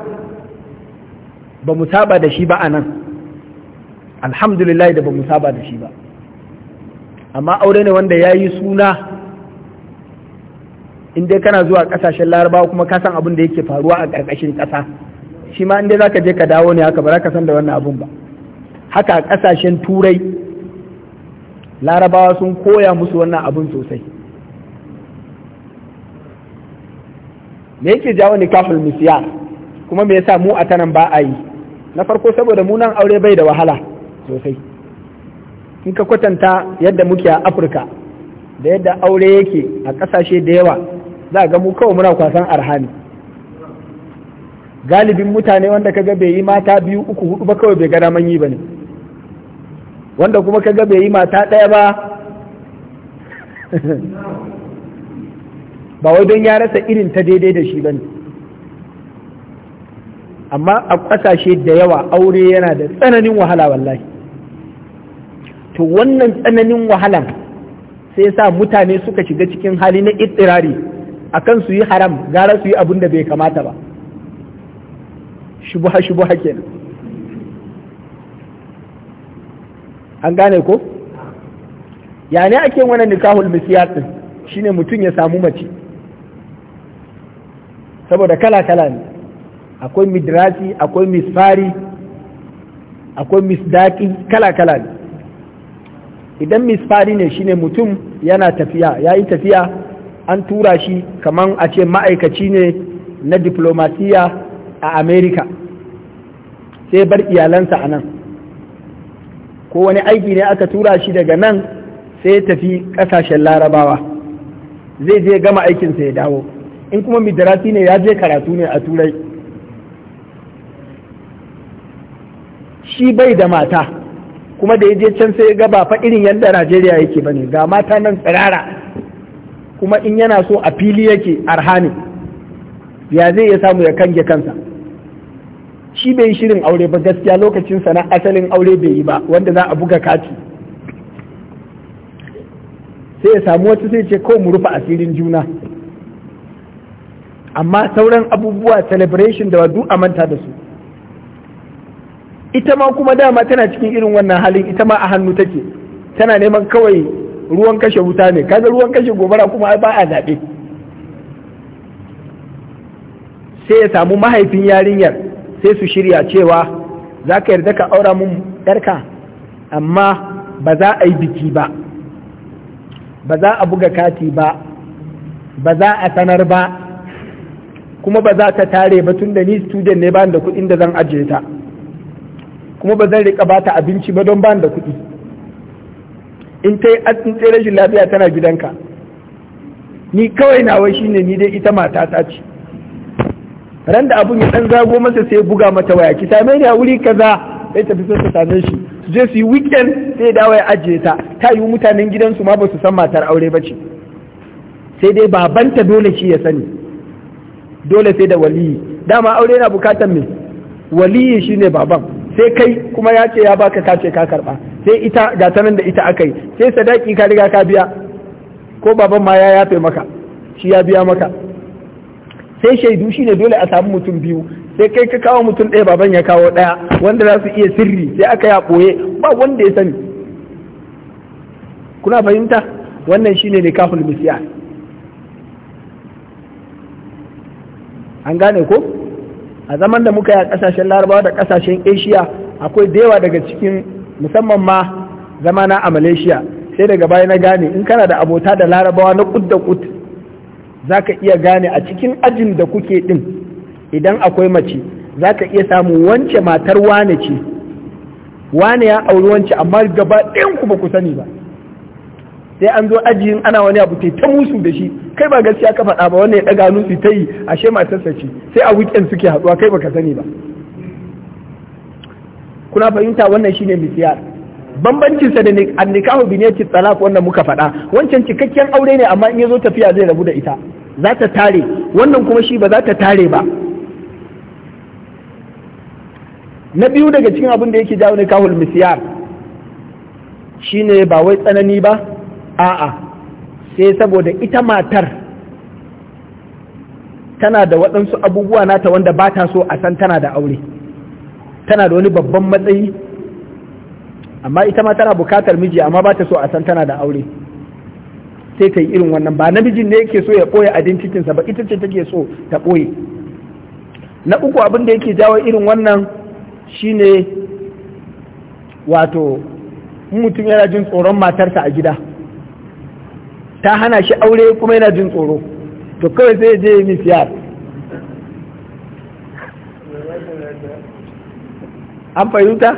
ba mu saba da shi ba a nan alhamdulillah da ba mu saba da shi ba amma aure ne wanda ya yi suna in dai kana zuwa kasashen larabawa kuma ka san abin da yake faruwa a ƙarƙashin ƙasa shi ma in dai za ka je ka dawo ne haka ba za ka san da wannan abin ba haka a ƙasashen turai larabawa sun koya musu wannan abin sosai me yake jawo nikahul misiya kuma me yasa mu a tanan ba a yi na farko saboda mu nan aure bai da wahala sosai in ka kwatanta yadda muke a Afirka da yadda aure yake a kasashe da yawa za ga mu kawai muna kwasan arhani galibin mutane wanda ga bai yi mata biyu uku hudu ba kawai bai ga daman yi bane wanda kuma ka bai yi mata ɗaya ba ba wai don ya rasa irin ta daidai da shi bane amma a ƙasashe da yawa aure yana da tsananin wahala wallahi to wannan tsananin wahalan sai sa mutane suka shiga cikin hali na itirari akan su yi haram gara su yi abin da bai kamata ba shubuha shubuha kenan an gane ko ya ne ake wannan nikahul misiyat shine mutum ya samu mace saboda kala-kala ne akwai midrasi akwai misfari akwai misdaki kala-kala ne idan misfari ne shine mutum yana tafiya ya yi tafiya an tura shi kamar a ce ma'aikaci ne na diplomasiya a amerika sai bar iyalansa a nan ko wani aiki ne aka tura shi daga nan sai tafi kasashen larabawa zai je gama aikinsa ya dawo in kuma midarasi ne ya je karatu ne a turai shi bai da mata kuma da ya je can sai ga ba fa irin yadda najeriya yake bane ga mata nan tsirara kuma in yana so a fili yake arhani ya zai ya samu ya kange kansa shi bai shirin aure ba gaskiya lokacin sana asalin aure bai yi ba wanda za a buga kati sai ya samu wata sai ce kawai mu rufe asirin juna amma sauran abubuwa celebration da wadu a manta da su ita ma kuma dama tana cikin irin wannan halin ita ma a hannu take tana neman kawai ruwan kashe wuta ne kaga ruwan kashe gobara kuma ba a zaɓe sai ya samu mahaifin yarinyar sai su shirya cewa za ka yarda ka aura mun ɗarka. amma ba za a yi biki ba ba za a buga kati ba ba za a sanar ba kuma ba za ta tare ba tun da ni student ne bani da kuɗin da zan ajiye ta kuma ba zan rika bata abinci ba don bani da kuɗi in ta yi rashin lafiya tana gidanka ni kawai nawa shine ni dai ita mata ta ce ran da abun ya dan zago masa sai buga mata waya ki same ni a wuri kaza sai tafi so ta same shi su je su yi weekend sai dawo ya ajiye ta ta yi mutanen gidansu ma ba su san matar aure ba ce sai dai babanta dole shi ya sani dole sai da waliyi dama aure yana bukatar me waliyi shine baban sai kai kuma ya ce ya baka ka ce ka karba sai ita ga sanan da ita akai sai sadaki ka riga ka biya ko baban ma ya yafe maka shi ya biya maka sai shaidu shine dole a samu mutum biyu sai kai ka kawo mutum ɗaya baban ya kawo ɗaya wanda za su iya sirri sai aka ya ɓoye ba wanda ya sani kuna fahimta wannan shine ne kafin misiyar an gane ko a zaman da muka yi a kasashen larabawa da kasashen asia akwai da yawa daga cikin musamman ma zamana a malaysia sai daga baya na gane in kana da abota da larabawa na kud da kud za ka iya gane a cikin ajin da kuke din idan akwai mace za ka iya samu wance matar wane ce wane ya auri wance amma gaba ɗayan ku ba ku sani ba sai an zo aji ajiyin ana wani abu sai ta musu da shi kai ba gaskiya ka faɗa ba wannan ya ɗaga hannun su ta yi ashe matarsa ce sai a weekend suke haɗuwa kai ba ka sani ba kuna fahimta wannan shi ne misiyar bambancinsa da annikahu bi tsala talaq wannan muka faɗa wancan cikakken aure ne amma in ya zo tafiya zai rabu da ita za ta tare wannan kuma shi ba za ta tare ba na biyu daga cikin abin da yake jawo kahul misiyar shine ba wai tsanani ba a'a sai saboda ita matar tana da waɗansu abubuwa nata wanda ba ta so a san tana da aure tana da wani babban matsayi amma ita ma tana bukatar miji amma ba ta so a san tana da aure sai ta yi irin wannan ba namijin ne yake so ya ɓoye identitinsa ba ita ce take so ta ɓoye na uku abin da yake jawo irin wannan shine wato mutum yana jin tsoron matarsa a gida ta hana shi aure kuma yana jin tsoro to kawai sai je yi siyar an fahimta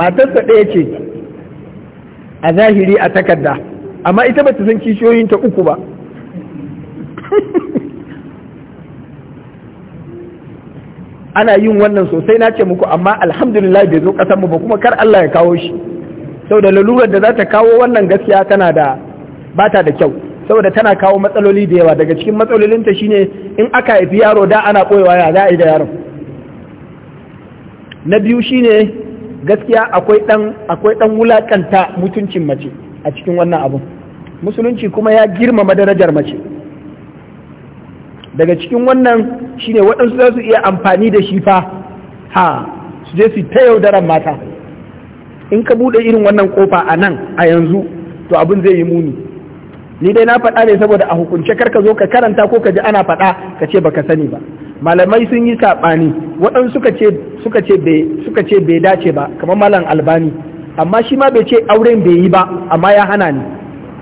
matarsa ɗaya ce a zahiri a takarda amma ita ba ta san ta uku ba ana yin wannan sosai na ce muku amma alhamdulillah bai zo ƙasar mu ba kuma kar Allah ya kawo shi sau da lalurar da za ta kawo wannan gaskiya tana da ba ta da kyau saboda tana kawo matsaloli da yawa daga cikin matsalolinta shine in aka haifi yaro da ana koyewa ya za a yi da yaron na biyu shine gaskiya akwai dan akwai dan wulakanta mutuncin mace a cikin wannan abun musulunci kuma ya girmama darajar mace daga cikin wannan shine waɗansu za su iya amfani da shi fa ha su je su ta yaudaran mata in ka buɗe irin wannan kofa a nan a yanzu to abin zai yi muni ni dai na faɗa ne saboda a hukunce kar ka zo ka karanta ko ka ji ana faɗa ka ce baka sani ba malamai sun yi saɓani waɗansu suka ce suka ce bai suka ce bai dace ba kamar malam albani amma shi ma bai ce auren bai yi ba amma ya hana ni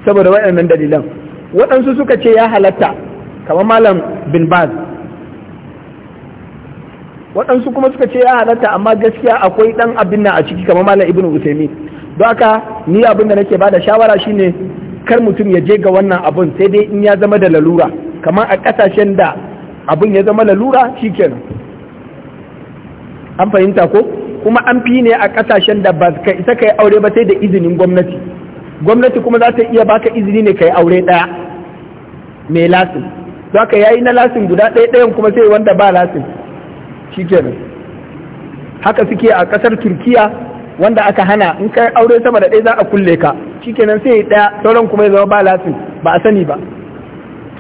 saboda waɗannan dalilan waɗansu suka ce ya halatta kamar malam bin baz waɗansu kuma suka ce ya halatta amma gaskiya akwai ɗan abin nan a ciki kamar malam ibnu usaimin don haka ni abin da nake bada shawara shine kar mutum ya je ga wannan abun sai dai in ya zama da lalura kamar a ƙasashen da abun ya zama lalura shi kenan, an fahimta ko kuma an fi ne a ƙasashen da ba ka isa ka yi aure ba sai da izinin gwamnati gwamnati kuma za ta iya baka izini ne ka yi aure ɗaya mai lasin za ka yayi na lasin guda ɗaya ɗayan kuma sai wanda ba lasin shi kenan, haka suke a ƙasar turkiya wanda aka hana in ka aure sama da ɗaya za a kulle ka shikenan sai ya daya sauran kuma ya zama ba lasin ba a sani ba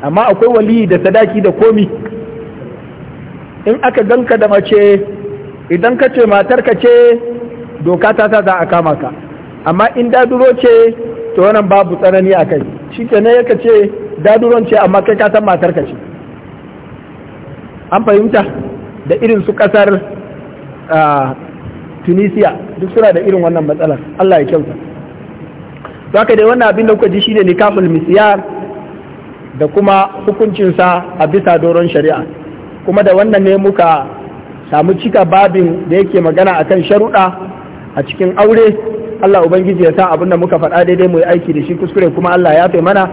amma akwai wali da sadaki da komi in aka ganka da mace idan ka ce matar ka ce doka ta sa za a kama ka amma in daduro ce to wannan babu tsanani a kai shikenan yaka ce daduron ce amma kai ka san matar ka ce an fahimta da irin su kasar ah, tunisia duk suna da irin wannan matsalar allah ya kyauta to haka dai wannan abin da kuka ji shine nikahul misyar da kuma hukuncinsa a bisa doron shari'a kuma da wannan ne muka samu cika babin da yake magana akan sharuɗa a cikin aure Allah ubangiji ya sa abin da muka faɗa daidai mu yi aiki da shi kuskure kuma Allah ya fi mana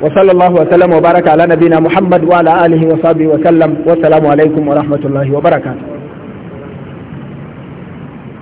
wa sallallahu wa sallam wa baraka ala nabina Muhammad wa ala alihi wa sahbihi wa sallam wa assalamu alaikum wa rahmatullahi wa barakatuh